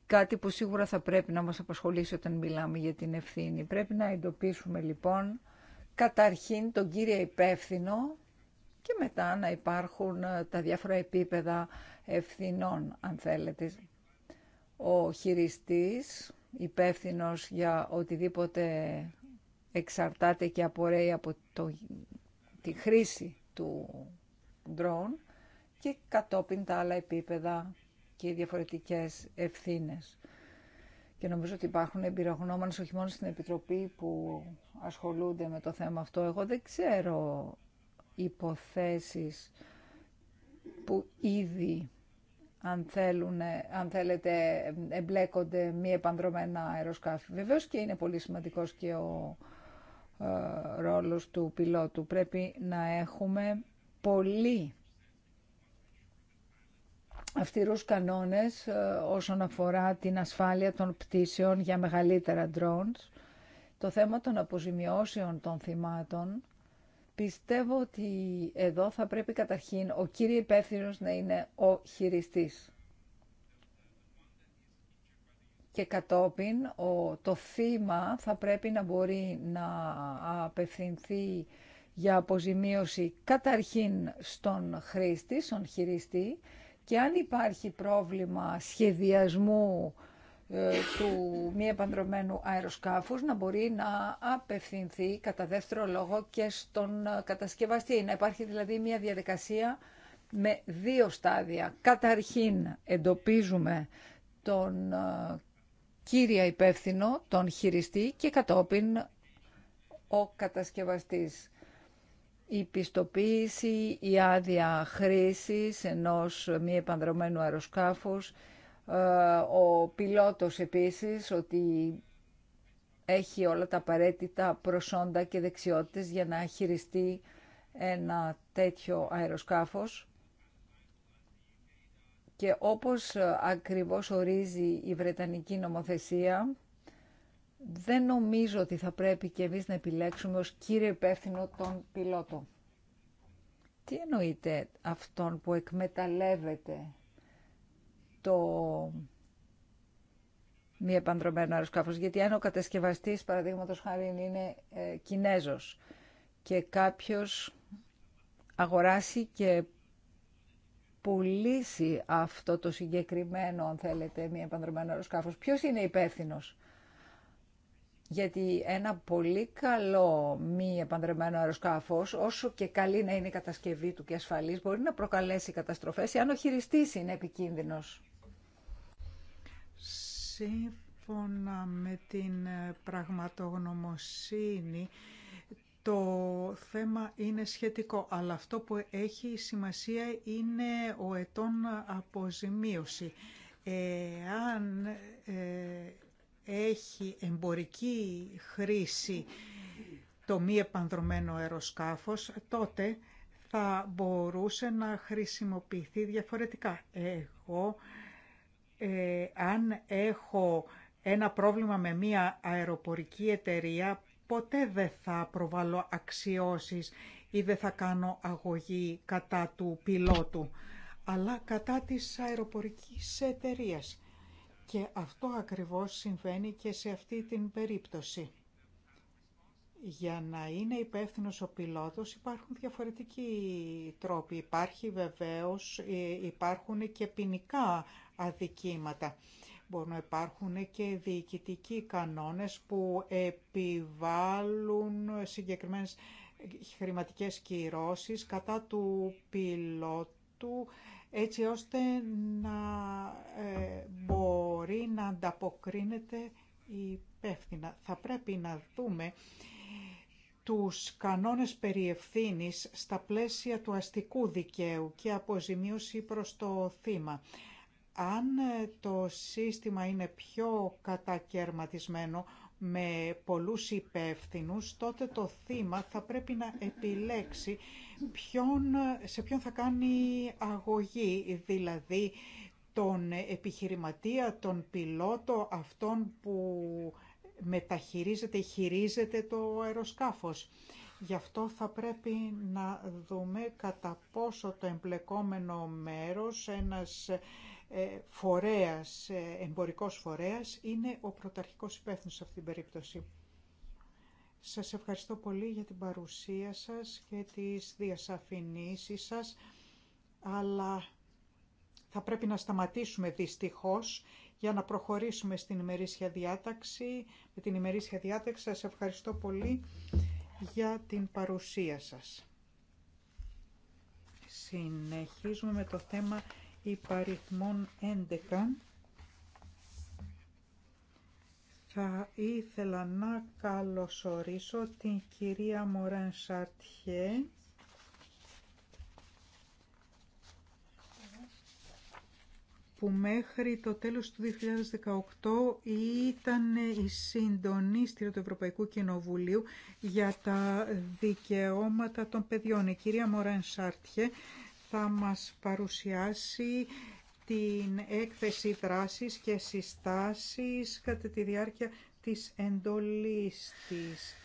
κάτι που σίγουρα θα πρέπει να μας απασχολήσει όταν μιλάμε για την ευθύνη. Πρέπει να εντοπίσουμε λοιπόν καταρχήν τον κύριο υπεύθυνο και μετά να υπάρχουν ε, τα διάφορα επίπεδα ευθυνών, αν θέλετε. Ο χειριστής, υπεύθυνος για οτιδήποτε εξαρτάται και απορρέει από το, τη χρήση του ντρόν και κατόπιν τα άλλα επίπεδα και οι διαφορετικές ευθύνες. Και νομίζω ότι υπάρχουν εμπειρογνώμονες όχι μόνο στην Επιτροπή που ασχολούνται με το θέμα αυτό. Εγώ δεν ξέρω υποθέσεις που ήδη αν, αν θέλετε εμπλέκονται μη επανδρομένα αεροσκάφη. Βεβαίως και είναι πολύ σημαντικός και ο ε, ρόλος του πιλότου. Πρέπει να έχουμε πολύ αυστηρούς κανόνες ε, όσον αφορά την ασφάλεια των πτήσεων για μεγαλύτερα drones. Το θέμα των αποζημιώσεων των θυμάτων πιστεύω ότι εδώ θα πρέπει καταρχήν ο κύριος υπεύθυνο να είναι ο χειριστής και κατόπιν ο, το θύμα θα πρέπει να μπορεί να απευθυνθεί για αποζημίωση καταρχήν στον χρήστη, στον χειριστή και αν υπάρχει πρόβλημα σχεδιασμού ε, του μη επανδρομένου αεροσκάφους να μπορεί να απευθυνθεί κατά δεύτερο λόγο και στον ε, κατασκευαστή. Να υπάρχει δηλαδή μια διαδικασία με δύο στάδια. Καταρχήν εντοπίζουμε τον ε, κύρια υπεύθυνο τον χειριστή και κατόπιν ο κατασκευαστής. Η πιστοποίηση, η άδεια χρήσης ενός μη επανδρομένου αεροσκάφους, ε, ο πιλότος επίσης ότι έχει όλα τα απαραίτητα προσόντα και δεξιότητες για να χειριστεί ένα τέτοιο αεροσκάφος. Και όπως ε, ακριβώς ορίζει η Βρετανική νομοθεσία, δεν νομίζω ότι θα πρέπει και εμείς να επιλέξουμε ως κύριο υπεύθυνο τον πιλότο. Τι εννοείται αυτόν που εκμεταλλεύεται το μη επανδρομένο αεροσκάφος, γιατί αν ο κατασκευαστής, παραδείγματος χάρη, είναι ε, Κινέζος και κάποιος αγοράσει και πουλήσει αυτό το συγκεκριμένο, αν θέλετε, μη επανδρομένο αεροσκάφος. Ποιος είναι υπεύθυνο. Γιατί ένα πολύ καλό μη επανδρεμένο αεροσκάφος, όσο και καλή να είναι η κατασκευή του και ασφαλής, μπορεί να προκαλέσει καταστροφές, εάν ο χειριστής είναι επικίνδυνος. Σύμφωνα με την πραγματογνωμοσύνη, το θέμα είναι σχετικό, αλλά αυτό που έχει σημασία είναι ο ετών αποζημίωση. Αν ε, έχει εμπορική χρήση το μη επανδρομένο αεροσκάφος, τότε θα μπορούσε να χρησιμοποιηθεί διαφορετικά. Εγώ, ε, αν έχω ένα πρόβλημα με μία αεροπορική εταιρεία ποτέ δεν θα προβάλλω αξιώσεις ή δεν θα κάνω αγωγή κατά του πιλότου, αλλά κατά της αεροπορικής εταιρείας. Και αυτό ακριβώς συμβαίνει και σε αυτή την περίπτωση. Για να είναι υπεύθυνο ο πιλότος υπάρχουν διαφορετικοί τρόποι. Υπάρχει βεβαίως, ε, υπάρχουν και ποινικά αδικήματα. Μπορούν να υπάρχουν και διοικητικοί κανόνες που επιβάλλουν συγκεκριμένες χρηματικές κυρώσεις κατά του πιλότου έτσι ώστε να ε, μπορεί να ανταποκρίνεται υπεύθυνα. Θα πρέπει να δούμε τους κανόνες περί στα πλαίσια του αστικού δικαίου και αποζημίωση προς το θύμα. Αν ε, το σύστημα είναι πιο κατακαιρματισμένο με πολλούς υπεύθυνου, τότε το θύμα θα πρέπει να επιλέξει ποιον, ε, σε ποιον θα κάνει αγωγή, δηλαδή τον επιχειρηματία, τον πιλότο, αυτόν που μεταχειρίζεται, χειρίζεται το αεροσκάφος. Γι' αυτό θα πρέπει να δούμε κατά πόσο το εμπλεκόμενο μέρος, ένας ε, φορέας, ε, εμπορικός φορέας είναι ο πρωταρχικός υπεύθυνος σε αυτή την περίπτωση. Σας ευχαριστώ πολύ για την παρουσία σας και τις διασαφηνήσεις σας, αλλά θα πρέπει να σταματήσουμε δυστυχώς για να προχωρήσουμε στην ημερήσια διάταξη. Με την ημερήσια διάταξη σας ευχαριστώ πολύ για την παρουσία σας. Συνεχίζουμε με το θέμα υπαριθμών 11 θα ήθελα να καλωσορίσω την κυρία Μωρέν Σαρτιέ που μέχρι το τέλος του 2018 ήταν η συντονίστρια του Ευρωπαϊκού Κοινοβουλίου για τα δικαιώματα των παιδιών. Η κυρία Μωρέν Σάρτιε θα μας παρουσιάσει την έκθεση δράσης και συστάσεις κατά τη διάρκεια της εντολής της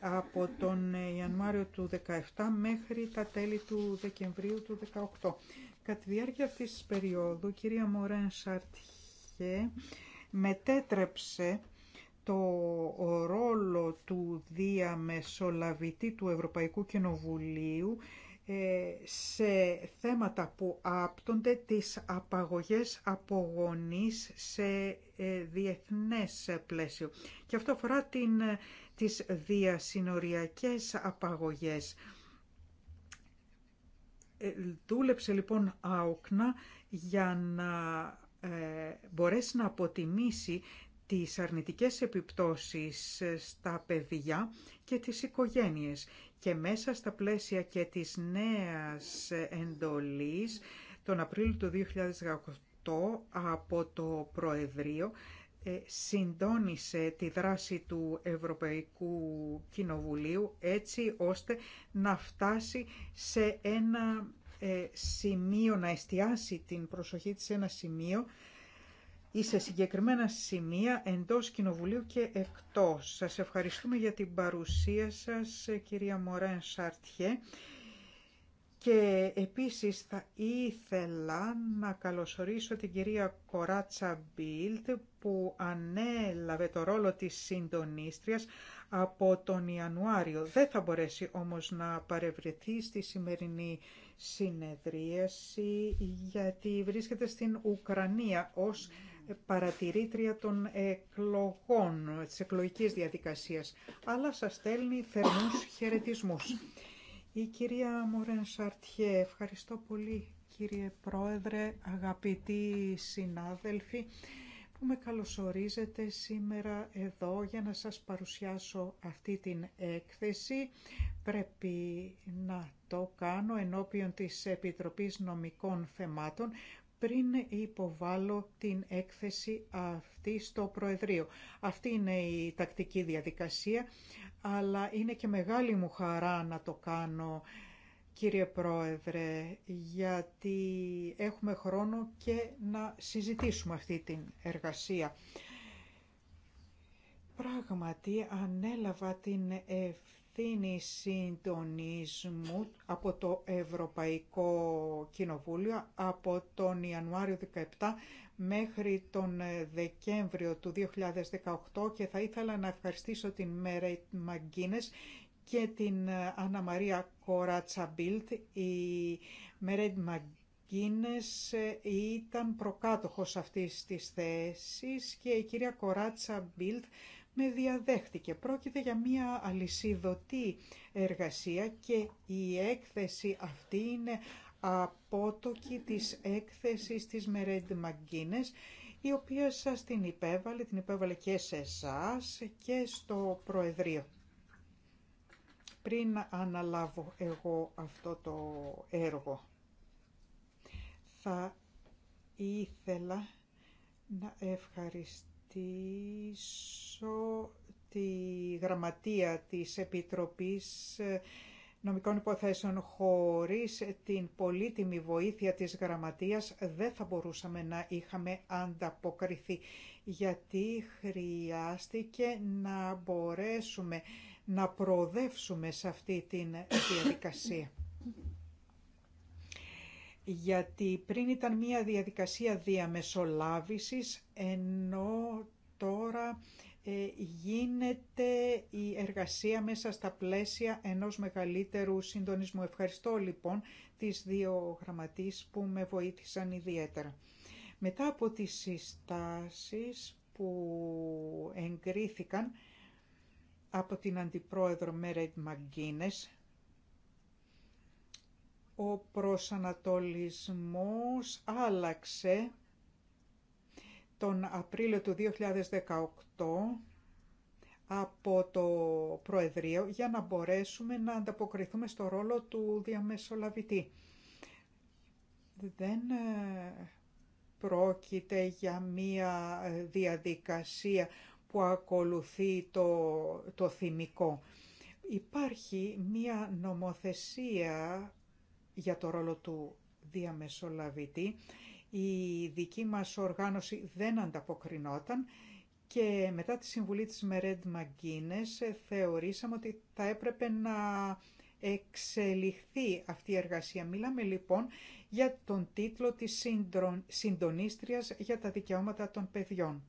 από τον Ιανουάριο του 17 μέχρι τα τέλη του Δεκεμβρίου του 18. Κατά τη διάρκεια αυτής της περίοδου, κυρία Μωρέν Σαρτιέ μετέτρεψε το ρόλο του διαμεσολαβητή του Ευρωπαϊκού Κοινοβουλίου ε, σε θέματα που άπτονται τις απαγωγές απογωνής σε ε, διεθνές πλαίσιο. Και αυτό αφορά την, ε, τις διασυνοριακές απαγωγές. Δούλεψε λοιπόν άοκνα για να μπορέσει να αποτιμήσει τις αρνητικές επιπτώσεις στα παιδιά και τις οικογένειες και μέσα στα πλαίσια και της νέας εντολής, τον Απρίλιο του 2018 από το Προεδρείο, ε, συντόνισε τη δράση του Ευρωπαϊκού Κοινοβουλίου έτσι ώστε να φτάσει σε ένα ε, σημείο, να εστιάσει την προσοχή της σε ένα σημείο ή σε συγκεκριμένα σημεία εντός Κοινοβουλίου και εκτός. Σας ευχαριστούμε για την παρουσία σας, κυρία Μωρέν Σαρτιέ. Και επίσης θα ήθελα να καλωσορίσω την κυρία Κοράτσα Μπίλτ που ανέλαβε το ρόλο της συντονίστριας από τον Ιανουάριο. Δεν θα μπορέσει όμως να παρευρεθεί στη σημερινή συνεδρίαση γιατί βρίσκεται στην Ουκρανία ως παρατηρήτρια των εκλογών, της εκλογικής διαδικασίας, αλλά σας στέλνει θερμούς χαιρετισμούς. Η κυρία Μωρέν Σαρτιέ, ευχαριστώ πολύ κύριε Πρόεδρε, αγαπητοί συνάδελφοι, που με καλωσορίζετε σήμερα εδώ για να σας παρουσιάσω αυτή την έκθεση. Πρέπει να το κάνω ενώπιον της Επιτροπής Νομικών Θεμάτων πριν υποβάλω την έκθεση αυτή στο Προεδρείο. Αυτή είναι η τακτική διαδικασία, αλλά είναι και μεγάλη μου χαρά να το κάνω, κύριε Πρόεδρε, γιατί έχουμε χρόνο και να συζητήσουμε αυτή την εργασία. Πράγματι, ανέλαβα την ευθύνη την συντονισμού από το Ευρωπαϊκό Κοινοβούλιο από τον Ιανουάριο 17 μέχρι τον Δεκέμβριο του 2018 και θα ήθελα να ευχαριστήσω την Μέρετ Μαγκίνες και την Άννα Μαρία Κορατσαμπίλτ. Η Μέρετ Μαγκίνες ήταν προκάτοχος αυτής της θέσης και η κυρία Κορατσαμπίλτ με διαδέχτηκε. Πρόκειται για μια αλυσιδωτή εργασία και η έκθεση αυτή είναι απότοκη της έκθεσης της Μερέντ Μαγκίνες η οποία σας την υπέβαλε, την υπέβαλε και σε εσά και στο Προεδρείο. Πριν αναλάβω εγώ αυτό το έργο, θα ήθελα να ευχαριστήσω χαιρετήσω τη γραμματεία της Επιτροπής ε, Νομικών Υποθέσεων. Χωρίς την πολύτιμη βοήθεια της γραμματείας δεν θα μπορούσαμε να είχαμε ανταποκριθεί, γιατί χρειάστηκε να μπορέσουμε να προοδεύσουμε σε αυτή την διαδικασία γιατί πριν ήταν μία διαδικασία διαμεσολάβησης, ενώ τώρα ε, γίνεται η εργασία μέσα στα πλαίσια ενός μεγαλύτερου συντονισμού. Ευχαριστώ λοιπόν τις δύο γραμματείς που με βοήθησαν ιδιαίτερα. Μετά από τις συστάσεις που εγκρίθηκαν από την Αντιπρόεδρο Μέρετ Μαγκίνες, ο προσανατολισμός άλλαξε τον Απρίλιο του 2018 από το Προεδρείο για να μπορέσουμε να ανταποκριθούμε στο ρόλο του διαμεσολαβητή. Δεν ε, πρόκειται για μία ε, διαδικασία που ακολουθεί το, θημικό. Υπάρχει μία νομοθεσία για το ρόλο του διαμεσολαβητή. Η δική μας οργάνωση δεν ανταποκρινόταν και μετά τη συμβουλή της Μερέντ Μαγκίνες θεωρήσαμε ότι θα έπρεπε να εξελιχθεί αυτή η εργασία. Μιλάμε λοιπόν για τον τίτλο της συντονίστριας για τα δικαιώματα των παιδιών.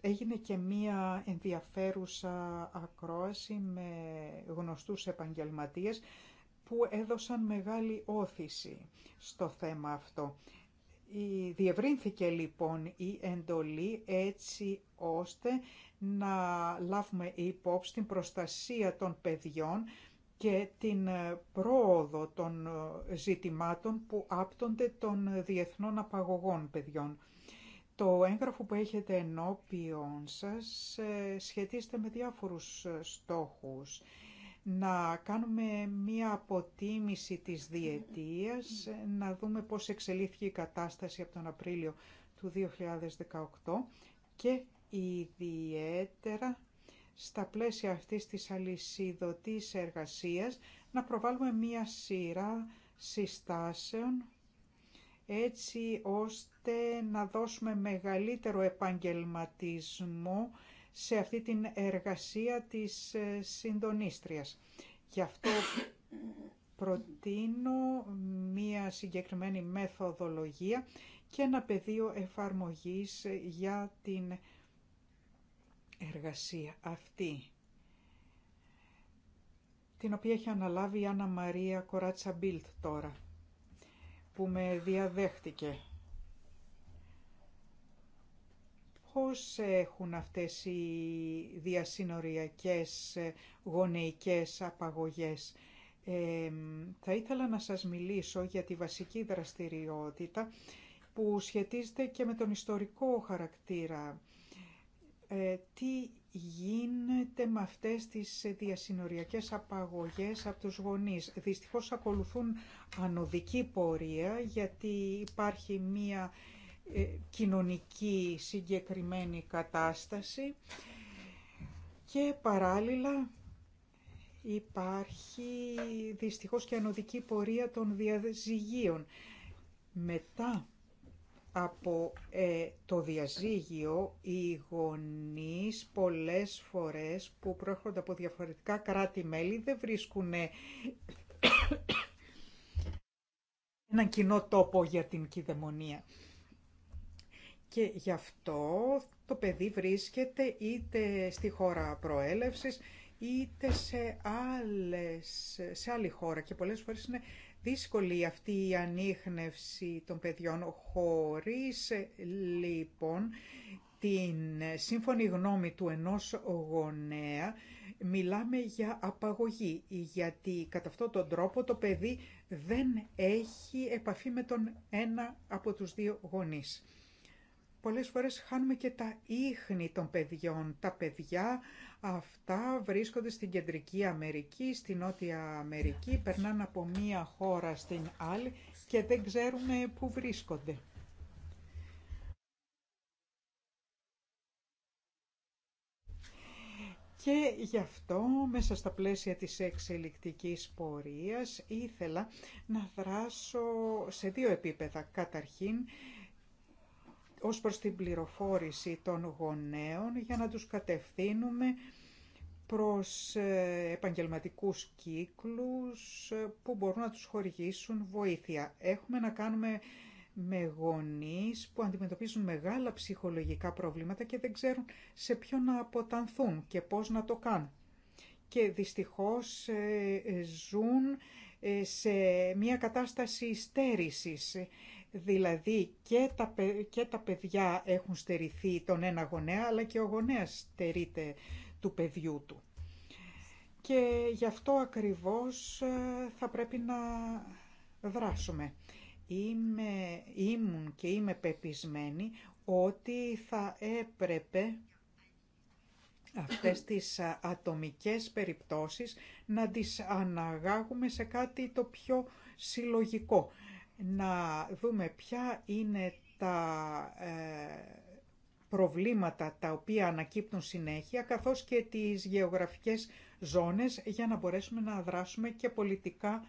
Έγινε και μία ενδιαφέρουσα ακρόαση με γνωστούς επαγγελματίες που έδωσαν μεγάλη όθηση στο θέμα αυτό. Διευρύνθηκε λοιπόν η εντολή έτσι ώστε να λάβουμε υπόψη την προστασία των παιδιών και την ε, πρόοδο των ε, ζητημάτων που άπτονται των διεθνών απαγωγών παιδιών. Το έγγραφο που έχετε ενώπιον σας ε, σχετίζεται με διάφορους στόχους να κάνουμε μία αποτίμηση της διετίας, να δούμε πώς εξελίχθηκε η κατάσταση από τον Απρίλιο του 2018 και ιδιαίτερα στα πλαίσια αυτής της αλυσιδωτής εργασίας να προβάλλουμε μία σειρά συστάσεων έτσι ώστε να δώσουμε μεγαλύτερο επαγγελματισμό σε αυτή την εργασία της ε, συντονίστριας. Γι' αυτό προτείνω μία συγκεκριμένη μεθοδολογία και ένα πεδίο εφαρμογής για την εργασία αυτή την οποία έχει αναλάβει η Άννα Μαρία Κοράτσα Μπίλτ τώρα, που με διαδέχτηκε πώς έχουν αυτές οι διασυνοριακές ε, γονεϊκές απαγωγές. Ε, θα ήθελα να σας μιλήσω για τη βασική δραστηριότητα που σχετίζεται και με τον ιστορικό χαρακτήρα. Ε, τι γίνεται με αυτές τις διασυνοριακές απαγωγές από τους γονείς. Δυστυχώς ακολουθούν ανωδική πορεία γιατί υπάρχει μία ε, κοινωνική συγκεκριμένη κατάσταση και παράλληλα υπάρχει δυστυχώς και ανωδική πορεία των διαζυγίων. Μετά από ε, το διαζύγιο οι γονείς πολλές φορές που προέρχονται από διαφορετικά κράτη-μέλη δεν βρίσκουν έναν κοινό τόπο για την κυδαιμονία. Και γι' αυτό το παιδί βρίσκεται είτε στη χώρα προέλευσης, είτε σε, άλλες, σε άλλη χώρα. Και πολλές φορές είναι δύσκολη αυτή η ανείχνευση των παιδιών χωρίς λοιπόν την σύμφωνη γνώμη του ενός γονέα μιλάμε για απαγωγή γιατί κατά αυτόν τον τρόπο το παιδί δεν έχει επαφή με τον ένα από τους δύο γονείς πολλές φορές χάνουμε και τα ίχνη των παιδιών. Τα παιδιά αυτά βρίσκονται στην Κεντρική Αμερική, στην Νότια Αμερική, περνάνε από μία χώρα στην άλλη και δεν ξέρουμε πού βρίσκονται. Και γι' αυτό, μέσα στα πλαίσια της εξελικτικής πορείας, ήθελα να δράσω σε δύο επίπεδα. Καταρχήν, ως προς την πληροφόρηση των γονέων για να τους κατευθύνουμε προς ε, επαγγελματικούς κύκλους ε, που μπορούν να τους χορηγήσουν βοήθεια. Έχουμε να κάνουμε με γονείς που αντιμετωπίζουν μεγάλα ψυχολογικά προβλήματα και δεν ξέρουν σε ποιο να αποτανθούν και πώς να το κάνουν. Και δυστυχώς ε, ζουν σε μια κατάσταση στέρησης Δηλαδή και τα, και τα παιδιά έχουν στερηθεί τον ένα γονέα, αλλά και ο γονέας στερείται του παιδιού του. Και γι' αυτό ακριβώς ε, θα πρέπει να δράσουμε. Είμαι, ήμουν και είμαι πεπισμένη ότι θα έπρεπε αυτές τις ε, ατομικές περιπτώσεις να τις αναγάγουμε σε κάτι το πιο συλλογικό να δούμε ποια είναι τα ε, προβλήματα τα οποία ανακύπτουν συνέχεια, καθώς και τις γεωγραφικές ζώνες για να μπορέσουμε να δράσουμε και πολιτικά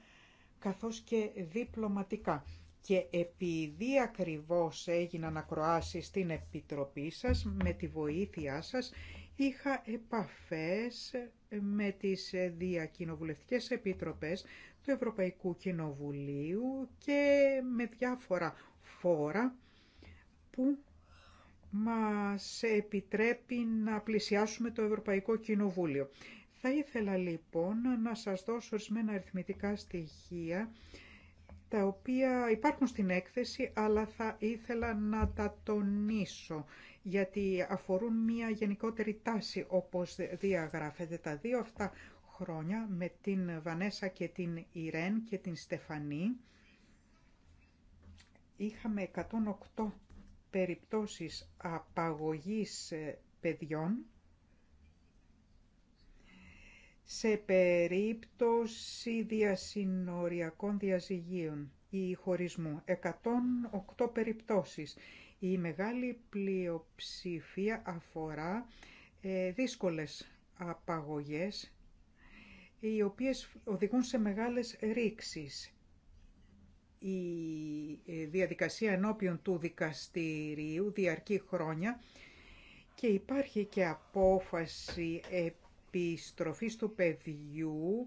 καθώς και διπλωματικά. Και επειδή ακριβώς έγιναν ακροάσεις στην Επιτροπή σας, με τη βοήθειά σας, είχα επαφές με τις διακοινοβουλευτικές επιτροπές του Ευρωπαϊκού Κοινοβουλίου και με διάφορα φόρα που μας επιτρέπει να πλησιάσουμε το Ευρωπαϊκό Κοινοβούλιο. Θα ήθελα λοιπόν να σας δώσω ορισμένα αριθμητικά στοιχεία τα οποία υπάρχουν στην έκθεση αλλά θα ήθελα να τα τονίσω γιατί αφορούν μια γενικότερη τάση όπως διαγράφεται. Τα δύο αυτά χρόνια με την Βανέσα και την Ιρέν και την Στεφανή. Είχαμε 108 περιπτώσεις απαγωγής ε, παιδιών σε περίπτωση διασυνοριακών διαζυγίων ή χωρισμού. 108 περιπτώσεις. Η μεγάλη πλειοψηφία αφορά ε, δύσκολες απαγωγές οι οποίες οδηγούν σε μεγάλες ρήξεις. Η ε, διαδικασία ενώπιον του δικαστηρίου διαρκεί χρόνια και υπάρχει και απόφαση επιστροφής του παιδιού,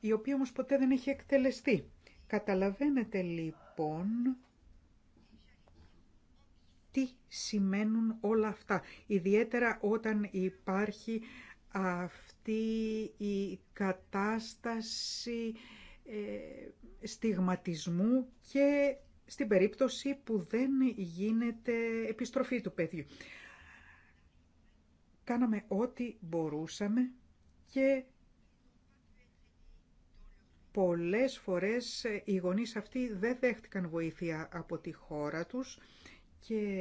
η οποία όμως ποτέ δεν έχει εκτελεστεί. Καταλαβαίνετε λοιπόν τι σημαίνουν όλα αυτά, ιδιαίτερα όταν υπάρχει αυτή η κατάσταση ε, στιγματισμού και στην περίπτωση που δεν γίνεται επιστροφή του παιδιού. Κάναμε ό,τι μπορούσαμε και πολλές φορές οι γονείς αυτοί δεν δέχτηκαν βοήθεια από τη χώρα τους και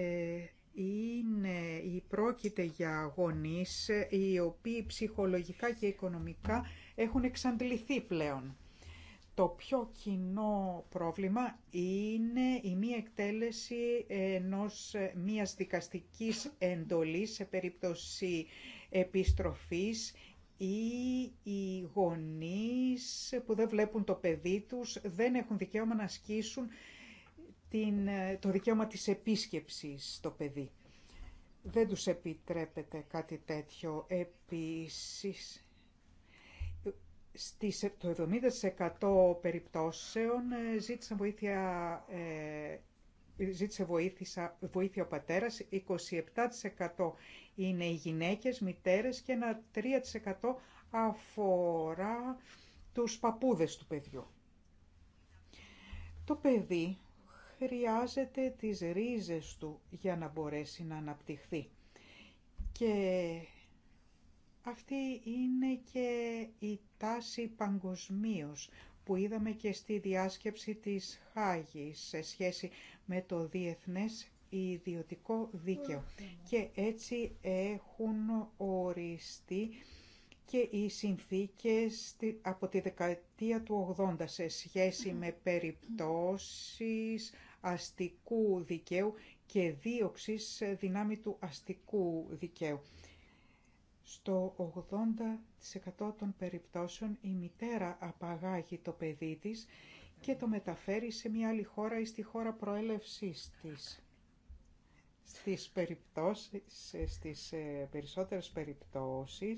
είναι, ή πρόκειται για γονείς ε, οι οποίοι ψυχολογικά και οικονομικά έχουν εξαντληθεί πλέον. Το πιο κοινό πρόβλημα είναι η μη εκτέλεση ενός ε, μίας δικαστικής εντολής σε περίπτωση επιστροφής ή οι γονείς που δεν βλέπουν το παιδί τους δεν έχουν δικαίωμα να ασκήσουν την, ε, το δικαίωμα της επίσκεψης στο παιδί. Δεν τους επιτρέπεται κάτι τέτοιο. Επίσης, στις, το 70% περιπτώσεων ε, ζήτησαν βοήθεια, ε, ζήτησε βοήθησα, βοήθεια ο πατέρας, 27% είναι οι γυναίκες, μητέρες και ένα 3% αφορά τους παππούδες του παιδιού. Το παιδί χρειάζεται τις ρίζες του για να μπορέσει να αναπτυχθεί. Και αυτή είναι και η τάση παγκοσμίω που είδαμε και στη διάσκεψη της Χάγης σε σχέση με το διεθνές ιδιωτικό δίκαιο. Και έτσι έχουν οριστεί και οι συνθήκες από τη δεκαετία του 80 σε σχέση με περιπτώσεις αστικού δικαίου και δίωξης δυνάμει του αστικού δικαίου. Στο 80% των περιπτώσεων η μητέρα απαγάγει το παιδί της και το μεταφέρει σε μια άλλη χώρα ή στη χώρα προέλευσής της. Στις, περιπτώσεις, στις ε, περισσότερες περιπτώσεις,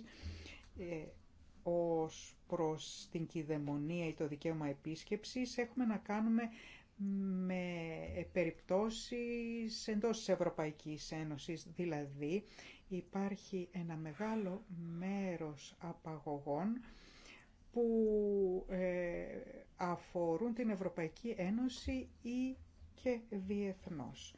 ε, ως προς την κυδαιμονία ή το δικαίωμα επίσκεψης, έχουμε να κάνουμε με περιπτώσεις εντός της Ευρωπαϊκής Ένωσης. Δηλαδή υπάρχει ένα μεγάλο μέρος απαγωγών που ε, αφορούν την Ευρωπαϊκή Ένωση ή και διεθνώς.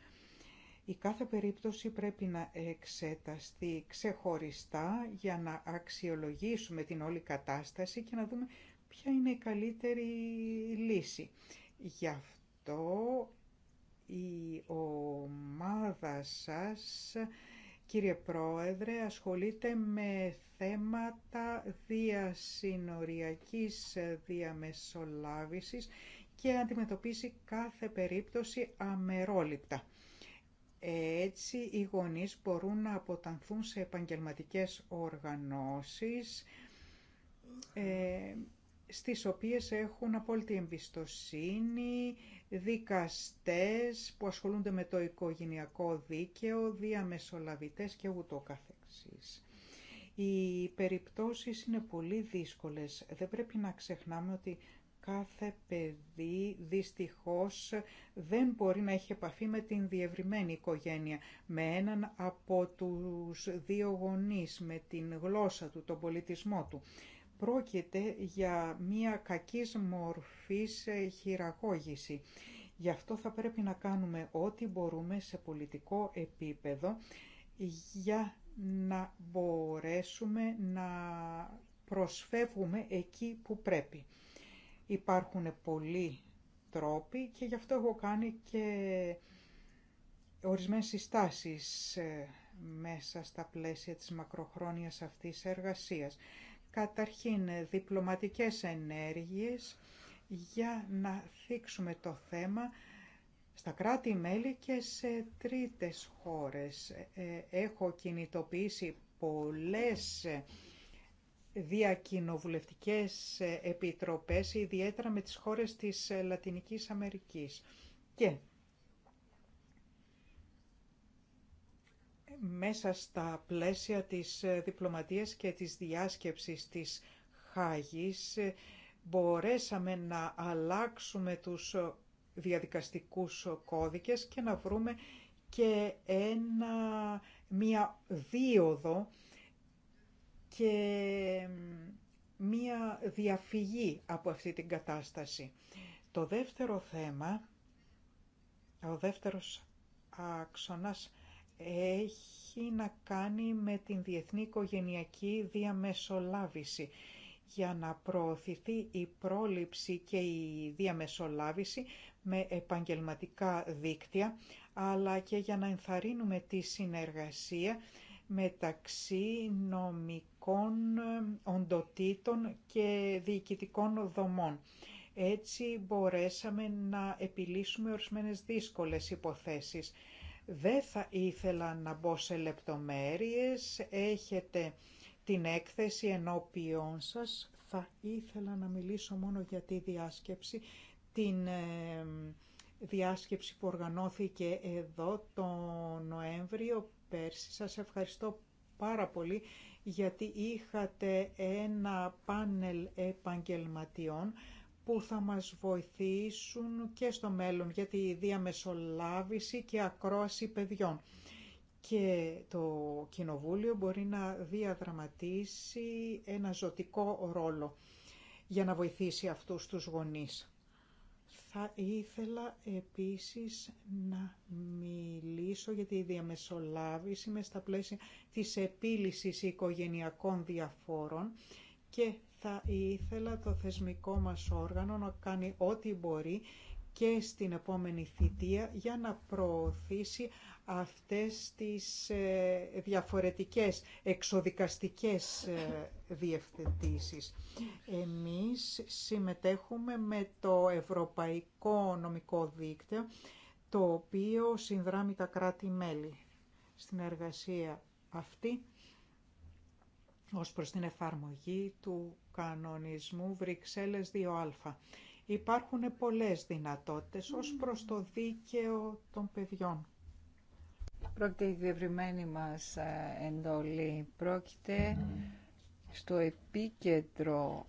Η κάθε περίπτωση πρέπει να εξεταστεί ξεχωριστά για να αξιολογήσουμε την όλη κατάσταση και να δούμε ποια είναι η καλύτερη λύση. Γι' αυτό η ομάδα σας, κύριε Πρόεδρε, ασχολείται με θέματα διασυνοριακής διαμεσολάβησης και αντιμετωπίσει κάθε περίπτωση αμερόληπτα. Έτσι, οι γονείς μπορούν να αποτανθούν σε επαγγελματικές οργανώσεις ε, στις οποίες έχουν απόλυτη εμπιστοσύνη, δικαστές που ασχολούνται με το οικογενειακό δίκαιο, διαμεσολαβητές και ούτω καθεξής. Οι περιπτώσεις είναι πολύ δύσκολες. Δεν πρέπει να ξεχνάμε ότι κάθε παιδί δυστυχώς δεν μπορεί να έχει επαφή με την διευρυμένη οικογένεια, με έναν από τους δύο γονείς, με την γλώσσα του, τον πολιτισμό του. Πρόκειται για μία κακής μορφής ε, χειραγώγηση. Γι' αυτό θα πρέπει να κάνουμε ό,τι μπορούμε σε πολιτικό επίπεδο για να μπορέσουμε να προσφεύγουμε εκεί που πρέπει. Υπάρχουν πολλοί τρόποι και γι' αυτό έχω κάνει και ορισμένες συστάσεις ε, μέσα στα πλαίσια της μακροχρόνιας αυτής εργασίας. Καταρχήν, διπλωματικές ενέργειες για να θίξουμε το θέμα στα κράτη-μέλη και σε τρίτες χώρες. Ε, έχω κινητοποιήσει πολλές διακοινοβουλευτικές επιτροπές, ιδιαίτερα με τις χώρες της Λατινικής Αμερικής. Και μέσα στα πλαίσια της ε, διπλωματίας και της διάσκεψης της Χάγης ε, μπορέσαμε να αλλάξουμε τους ε, διαδικαστικούς κώδικες και να βρούμε και ένα, μία δίωδο και μία διαφυγή από αυτή την κατάσταση. Το δεύτερο θέμα, ο δεύτερος άξονας έχει να κάνει με την διεθνή οικογενειακή διαμεσολάβηση για να προωθηθεί η πρόληψη και η διαμεσολάβηση με επαγγελματικά δίκτυα, αλλά και για να ενθαρρύνουμε τη συνεργασία μεταξύ νομικών οντοτήτων και διοικητικών δομών. Έτσι μπορέσαμε να επιλύσουμε ορισμένες δύσκολες υποθέσεις. Δεν θα ήθελα να μπω σε λεπτομέρειες, έχετε την έκθεση ενώπιόν σας. Θα ήθελα να μιλήσω μόνο για τη διάσκεψη, την ε, διάσκεψη που οργανώθηκε εδώ το Νοέμβριο πέρσι. Σας ευχαριστώ πάρα πολύ γιατί είχατε ένα πάνελ επαγγελματιών που θα μας βοηθήσουν και στο μέλλον για τη διαμεσολάβηση και ακρόαση παιδιών. Και το Κοινοβούλιο μπορεί να διαδραματίσει ένα ζωτικό ρόλο για να βοηθήσει αυτούς τους γονείς. Θα ήθελα επίσης να μιλήσω για τη διαμεσολάβηση με στα πλαίσια της επίλυσης οικογενειακών διαφόρων και θα ήθελα το θεσμικό μας όργανο να κάνει ό,τι μπορεί και στην επόμενη θητεία για να προωθήσει αυτές τις ε, διαφορετικές εξοδικαστικές ε, διευθετήσεις. Εμείς συμμετέχουμε με το Ευρωπαϊκό Νομικό Δίκτυο, το οποίο συνδράμει τα κράτη-μέλη στην εργασία αυτή ως προς την εφαρμογή του κανονισμού Βρυξέλλες 2α. Υπάρχουν πολλές δυνατότητες ως προς το δίκαιο των παιδιών. Πρόκειται η διευρυμένη μας ε, εντολή. Πρόκειται στο επίκεντρο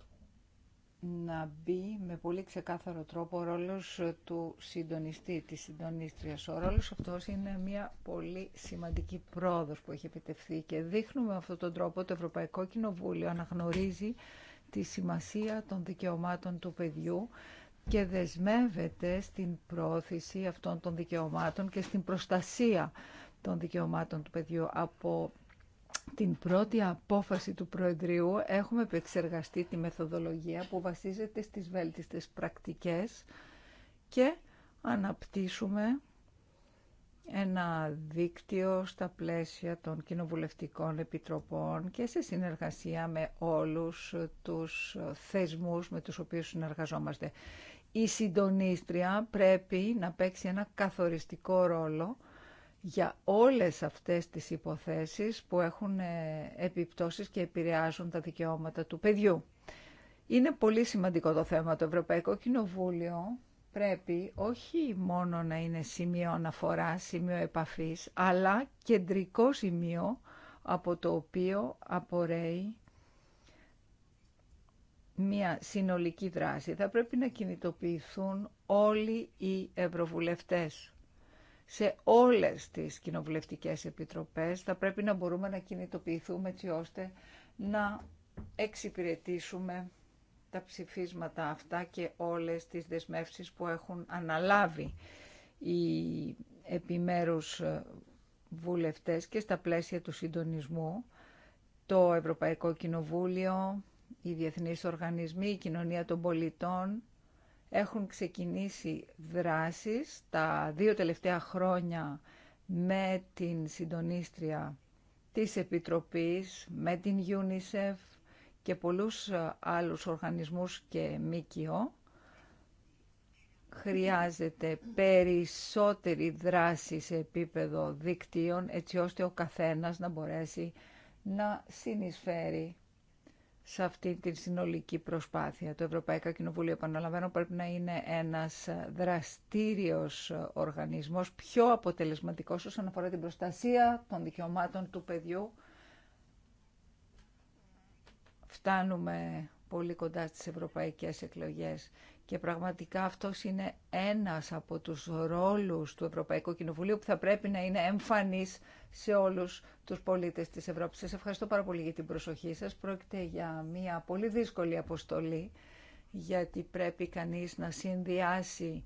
να μπει με πολύ ξεκάθαρο τρόπο ο ρόλος του συντονιστή, της συντονίστριας. Ο ρόλος αυτός είναι μια πολύ σημαντική πρόοδος που έχει επιτευχθεί και δείχνουμε αυτόν τον τρόπο το Ευρωπαϊκό Κοινοβούλιο αναγνωρίζει τη σημασία των δικαιωμάτων του παιδιού και δεσμεύεται στην πρόθεση αυτών των δικαιωμάτων και στην προστασία των δικαιωμάτων του παιδιού από την πρώτη απόφαση του Προεδρείου έχουμε επεξεργαστεί τη μεθοδολογία που βασίζεται στις βέλτιστες πρακτικές και αναπτύσσουμε ένα δίκτυο στα πλαίσια των κοινοβουλευτικών επιτροπών και σε συνεργασία με όλους τους θεσμούς με τους οποίους συνεργαζόμαστε. Η συντονίστρια πρέπει να παίξει ένα καθοριστικό ρόλο για όλες αυτές τις υποθέσεις που έχουν ε, επιπτώσεις και επηρεάζουν τα δικαιώματα του παιδιού. Είναι πολύ σημαντικό το θέμα. Το Ευρωπαϊκό Κοινοβούλιο πρέπει όχι μόνο να είναι σημείο αναφορά, σημείο επαφής, αλλά κεντρικό σημείο από το οποίο απορρέει μια συνολική δράση. Θα πρέπει να κινητοποιηθούν όλοι οι ευρωβουλευτές σε όλες τις κοινοβουλευτικές επιτροπές. Θα πρέπει να μπορούμε να κινητοποιηθούμε έτσι ώστε να εξυπηρετήσουμε τα ψηφίσματα αυτά και όλες τις δεσμεύσεις που έχουν αναλάβει οι επιμέρους βουλευτές και στα πλαίσια του συντονισμού, το Ευρωπαϊκό Κοινοβούλιο, οι διεθνείς οργανισμοί, η κοινωνία των πολιτών, έχουν ξεκινήσει δράσεις τα δύο τελευταία χρόνια με την συντονίστρια της Επιτροπής, με την UNICEF και πολλούς άλλους οργανισμούς και ΜΚΟ. Χρειάζεται περισσότερη δράση σε επίπεδο δικτύων έτσι ώστε ο καθένας να μπορέσει να συνεισφέρει σε αυτή την συνολική προσπάθεια. Το Ευρωπαϊκό Κοινοβούλιο, επαναλαμβάνω, πρέπει να είναι ένας δραστήριος οργανισμός, πιο αποτελεσματικός όσον αφορά την προστασία των δικαιωμάτων του παιδιού. Φτάνουμε πολύ κοντά στις ευρωπαϊκές εκλογές και πραγματικά αυτό είναι ένας από τους ρόλους του Ευρωπαϊκού Κοινοβουλίου που θα πρέπει να είναι εμφανής σε όλους τους πολίτες της Ευρώπης. Σας ευχαριστώ πάρα πολύ για την προσοχή σας. Πρόκειται για μια πολύ δύσκολη αποστολή γιατί πρέπει κανείς να συνδυάσει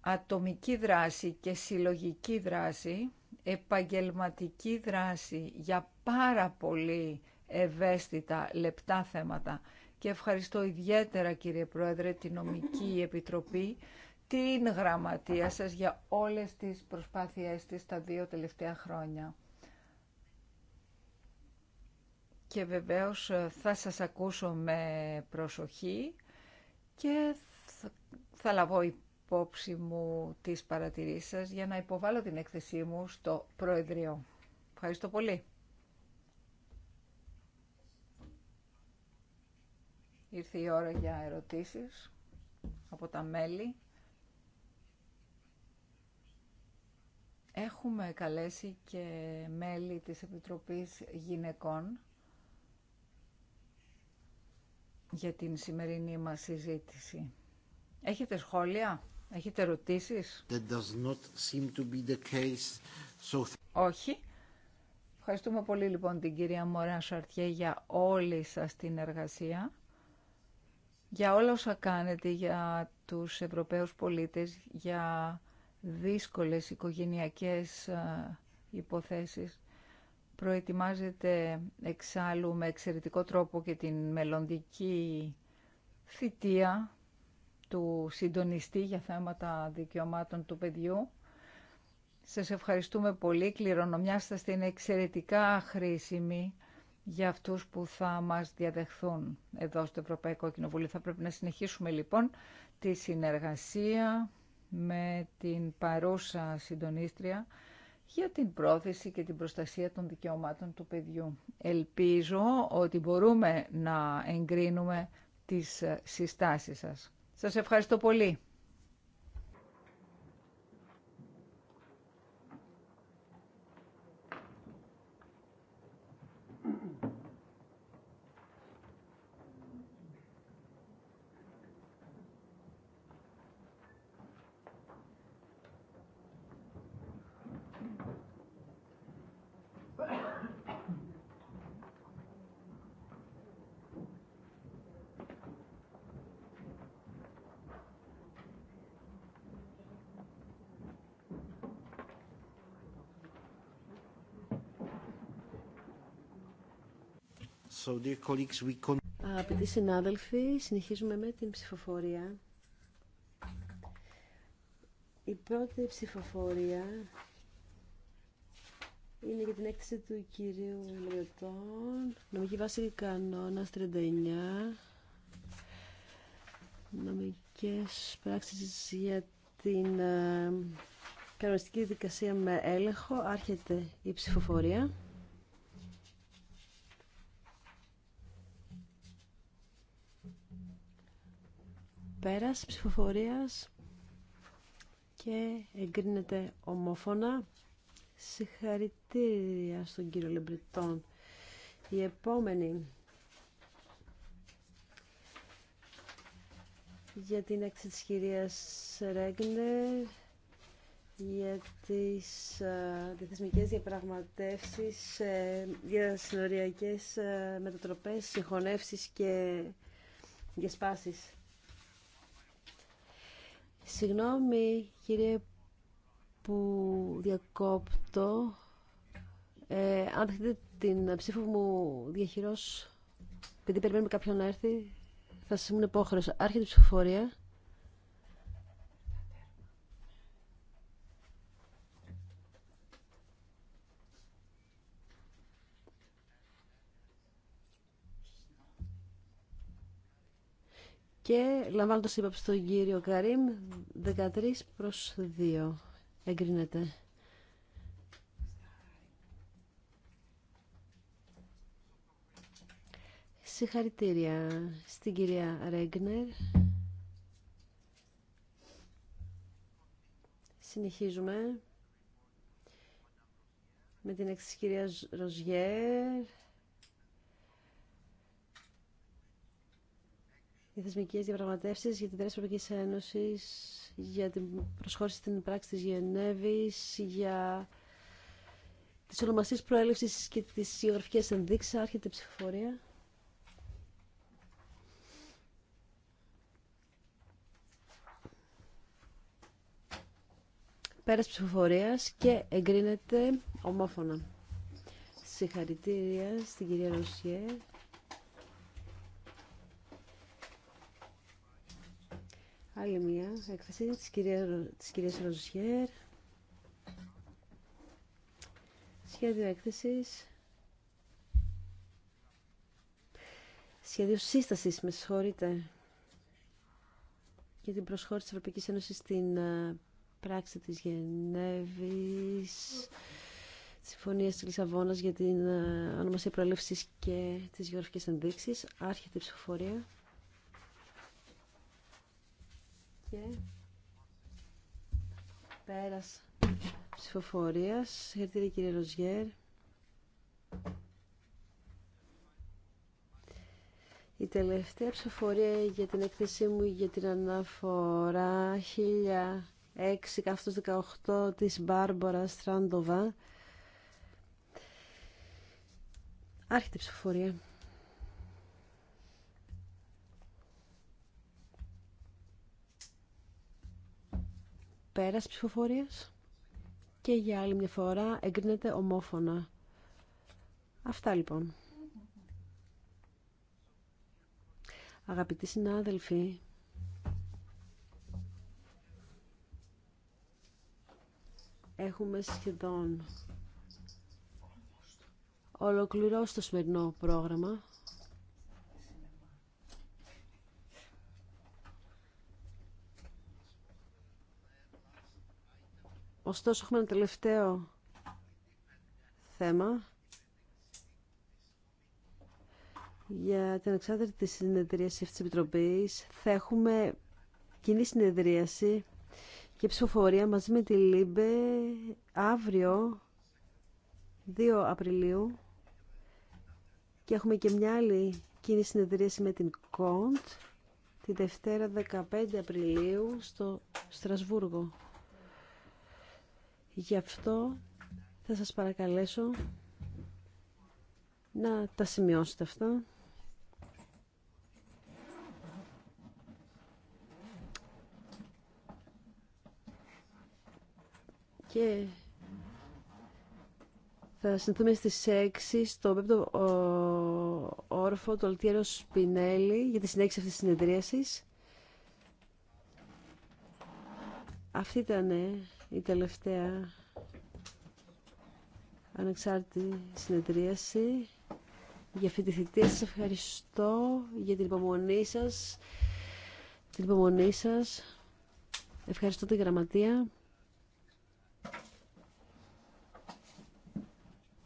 ατομική δράση και συλλογική δράση, επαγγελματική δράση για πάρα πολύ ευαίσθητα λεπτά θέματα και ευχαριστώ ιδιαίτερα κύριε Πρόεδρε την Νομική Επιτροπή την γραμματεία σας για όλες τις προσπάθειές της τα δύο τελευταία χρόνια. Και βεβαίως ε, θα σας ακούσω με προσοχή και θα λαβώ υπόψη μου τις παρατηρήσεις σας για να υποβάλω την έκθεσή μου στο Προεδρείο. Ευχαριστώ πολύ. Ήρθε η ώρα για ερωτήσεις από τα μέλη. Έχουμε καλέσει και μέλη της Επιτροπής Γυναικών για την σημερινή μας συζήτηση. Έχετε σχόλια, έχετε ερωτήσεις. Όχι. Ευχαριστούμε πολύ λοιπόν την κυρία Μωρά Σαρτιέ για όλη σας την εργασία για όλα όσα κάνετε για τους Ευρωπαίους πολίτες, για δύσκολες οικογενειακές ε, υποθέσεις. Προετοιμάζετε εξάλλου με εξαιρετικό τρόπο και την μελλοντική θητεία του συντονιστή για θέματα δικαιωμάτων του παιδιού. Σας ευχαριστούμε πολύ. Κληρονομιά σας είναι εξαιρετικά χρήσιμη για αυτούς που θα μας διαδεχθούν εδώ στο Ευρωπαϊκό Κοινοβούλιο. Θα πρέπει να συνεχίσουμε λοιπόν τη συνεργασία με την παρούσα συντονίστρια για την πρόθεση και την προστασία των δικαιωμάτων του παιδιού. Ελπίζω ότι μπορούμε να εγκρίνουμε τις συστάσεις σας. Σας ευχαριστώ πολύ. Αγαπητοί συνάδελφοι, συνεχίζουμε με την ψηφοφορία. Η πρώτη ψηφοφορία είναι για την έκθεση του κυρίου λιωτών. νομική βάση κανόνα 39, νομικές πράξεις για την ε, κανονιστική δικασία με έλεγχο. Άρχεται η ψηφοφορία. Πέρας ψηφοφορίας και εγκρίνεται ομόφωνα. Συγχαρητήρια στον κύριο Λεμπριτών. Η επόμενη για την έξι της κυρίας Ρέγνερ για τις διαθεσμικές διαπραγματεύσεις ε, για συνοριακές ε, μετατροπές, συγχωνεύσεις και διασπάσεις. Συγγνώμη κύριε που διακόπτω. Ε, αν δεχτείτε την ψήφο μου διαχειρός, επειδή περιμένουμε κάποιον να έρθει, θα σας ήμουν υπόχρεος. Άρχεται η ψηφοφορία. και λαμβάνοντας υπόψη τον κύριο Καρίμ 13 προς 2 εγκρίνεται Συγχαρητήρια στην κυρία Ρέγκνερ. Συνεχίζουμε με την εξής κυρία Ροζιέρ Θεσμικέ διαπραγματεύσει για την δράση Ευρωπαϊκή για την προσχώρηση στην πράξη τη Γενέβη, για τι ονομασίε πρόελευση και τις γεωγραφικές ενδείξει. Άρχεται η ψηφοφορία. Πέρας ψηφοφορίας και εγκρίνεται ομόφωνα. Συγχαρητήρια στην κυρία Ρωσιέ. Άλλη μια έκθεση της κυρίας, της κυρίας Ροζιέρ. Σχέδιο έκθεσης. Σχέδιο σύστασης, με συγχωρείτε, για την προσχώρηση της Ευρωπαϊκής Ένωσης στην ε, πράξη της Γενέβης, Συμφωνία τη Λισαβόνα για την ε, ονομασία προέλευση και τι γεωργικέ ενδείξει. Άρχεται η ψηφοφορία. και πέρας ψηφοφορίας. Συγχαρητήρια κύριε Ροζιέρ. Η τελευταία ψηφοφορία για την έκθεσή μου για την αναφορά 1006 της Μπάρμπορα Στράντοβα. Άρχεται η ψηφοφορία. Πέρας ψηφοφορίας. Και για άλλη μια φορά εγκρίνεται ομόφωνα. Αυτά λοιπόν. Αγαπητοί συνάδελφοι, έχουμε σχεδόν ολοκληρώσει το σημερινό πρόγραμμα. Ωστόσο, έχουμε ένα τελευταίο θέμα για την εξάδερτη συνεδρίαση αυτής της Επιτροπής. Θα έχουμε κοινή συνεδρίαση και ψηφοφορία μαζί με τη ΛΥΜΠΕ αύριο 2 Απριλίου και έχουμε και μια άλλη κοινή συνεδρίαση με την ΚΟΝΤ τη Δευτέρα 15 Απριλίου στο Στρασβούργο. Γι' αυτό θα σας παρακαλέσω να τα σημειώσετε αυτά. Και θα συνθούμε στις 6 στο πέμπτο όρφο του Αλτιέρο Σπινέλη για τη συνέχιση αυτής της συνεδρίασης. Αυτή ήταν η τελευταία ανεξάρτητη συνεδρίαση. Για αυτή τη σας ευχαριστώ για την υπομονή σας, την υπομονή σας. Ευχαριστώ την γραμματεία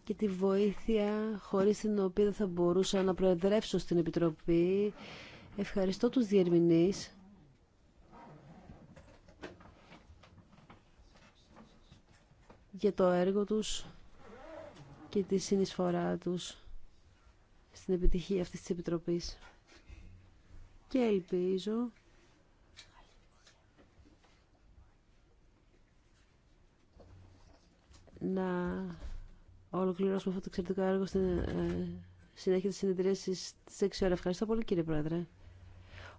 και τη βοήθεια χωρίς την οποία δεν θα μπορούσα να προεδρεύσω στην Επιτροπή. Ευχαριστώ τους διερμηνείς για το έργο τους και τη συνεισφορά τους στην επιτυχία αυτής της Επιτροπής. Και ελπίζω να ολοκληρώσουμε αυτό το εξαιρετικό έργο στην ε, συνέχεια της συνεδρίασης στις 6 ώρα. Ευχαριστώ πολύ κύριε Πρόεδρε.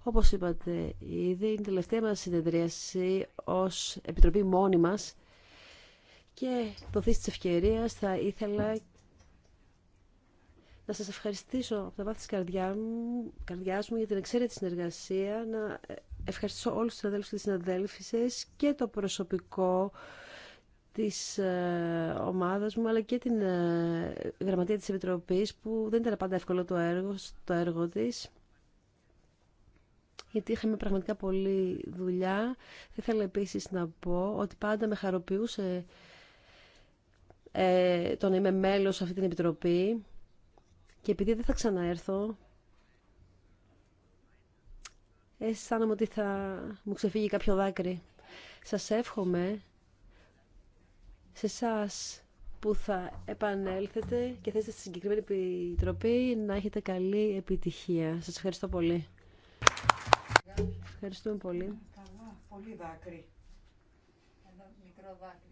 Όπως είπατε ήδη, είναι η τελευταία μας συνεδρίαση ως Επιτροπή μόνη μας και το δοθείς της ευκαιρία θα ήθελα να σας ευχαριστήσω από τα βάθη της καρδιάς μου, για την εξαίρετη συνεργασία, να ευχαριστήσω όλους τους συναδέλφους και τις συναδέλφισες και το προσωπικό της ε, ομάδας μου αλλά και την ε, γραμματεία της Επιτροπής που δεν ήταν πάντα εύκολο το έργο, το έργο της γιατί είχαμε πραγματικά πολλή δουλειά. Θα ήθελα επίσης να πω ότι πάντα με χαροποιούσε ε, το να είμαι μέλος σε αυτή την επιτροπή και επειδή δεν θα ξαναέρθω αισθάνομαι ότι θα μου ξεφύγει κάποιο δάκρυ. Σας εύχομαι σε εσά που θα επανέλθετε και θέσετε στη συγκεκριμένη επιτροπή να έχετε καλή επιτυχία. Σας ευχαριστώ πολύ. Ευχαριστούμε πολύ. πολύ δάκρυ. δάκρυ.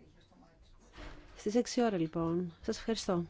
Στις 6 ώρα λοιπόν. Σας ευχαριστώ.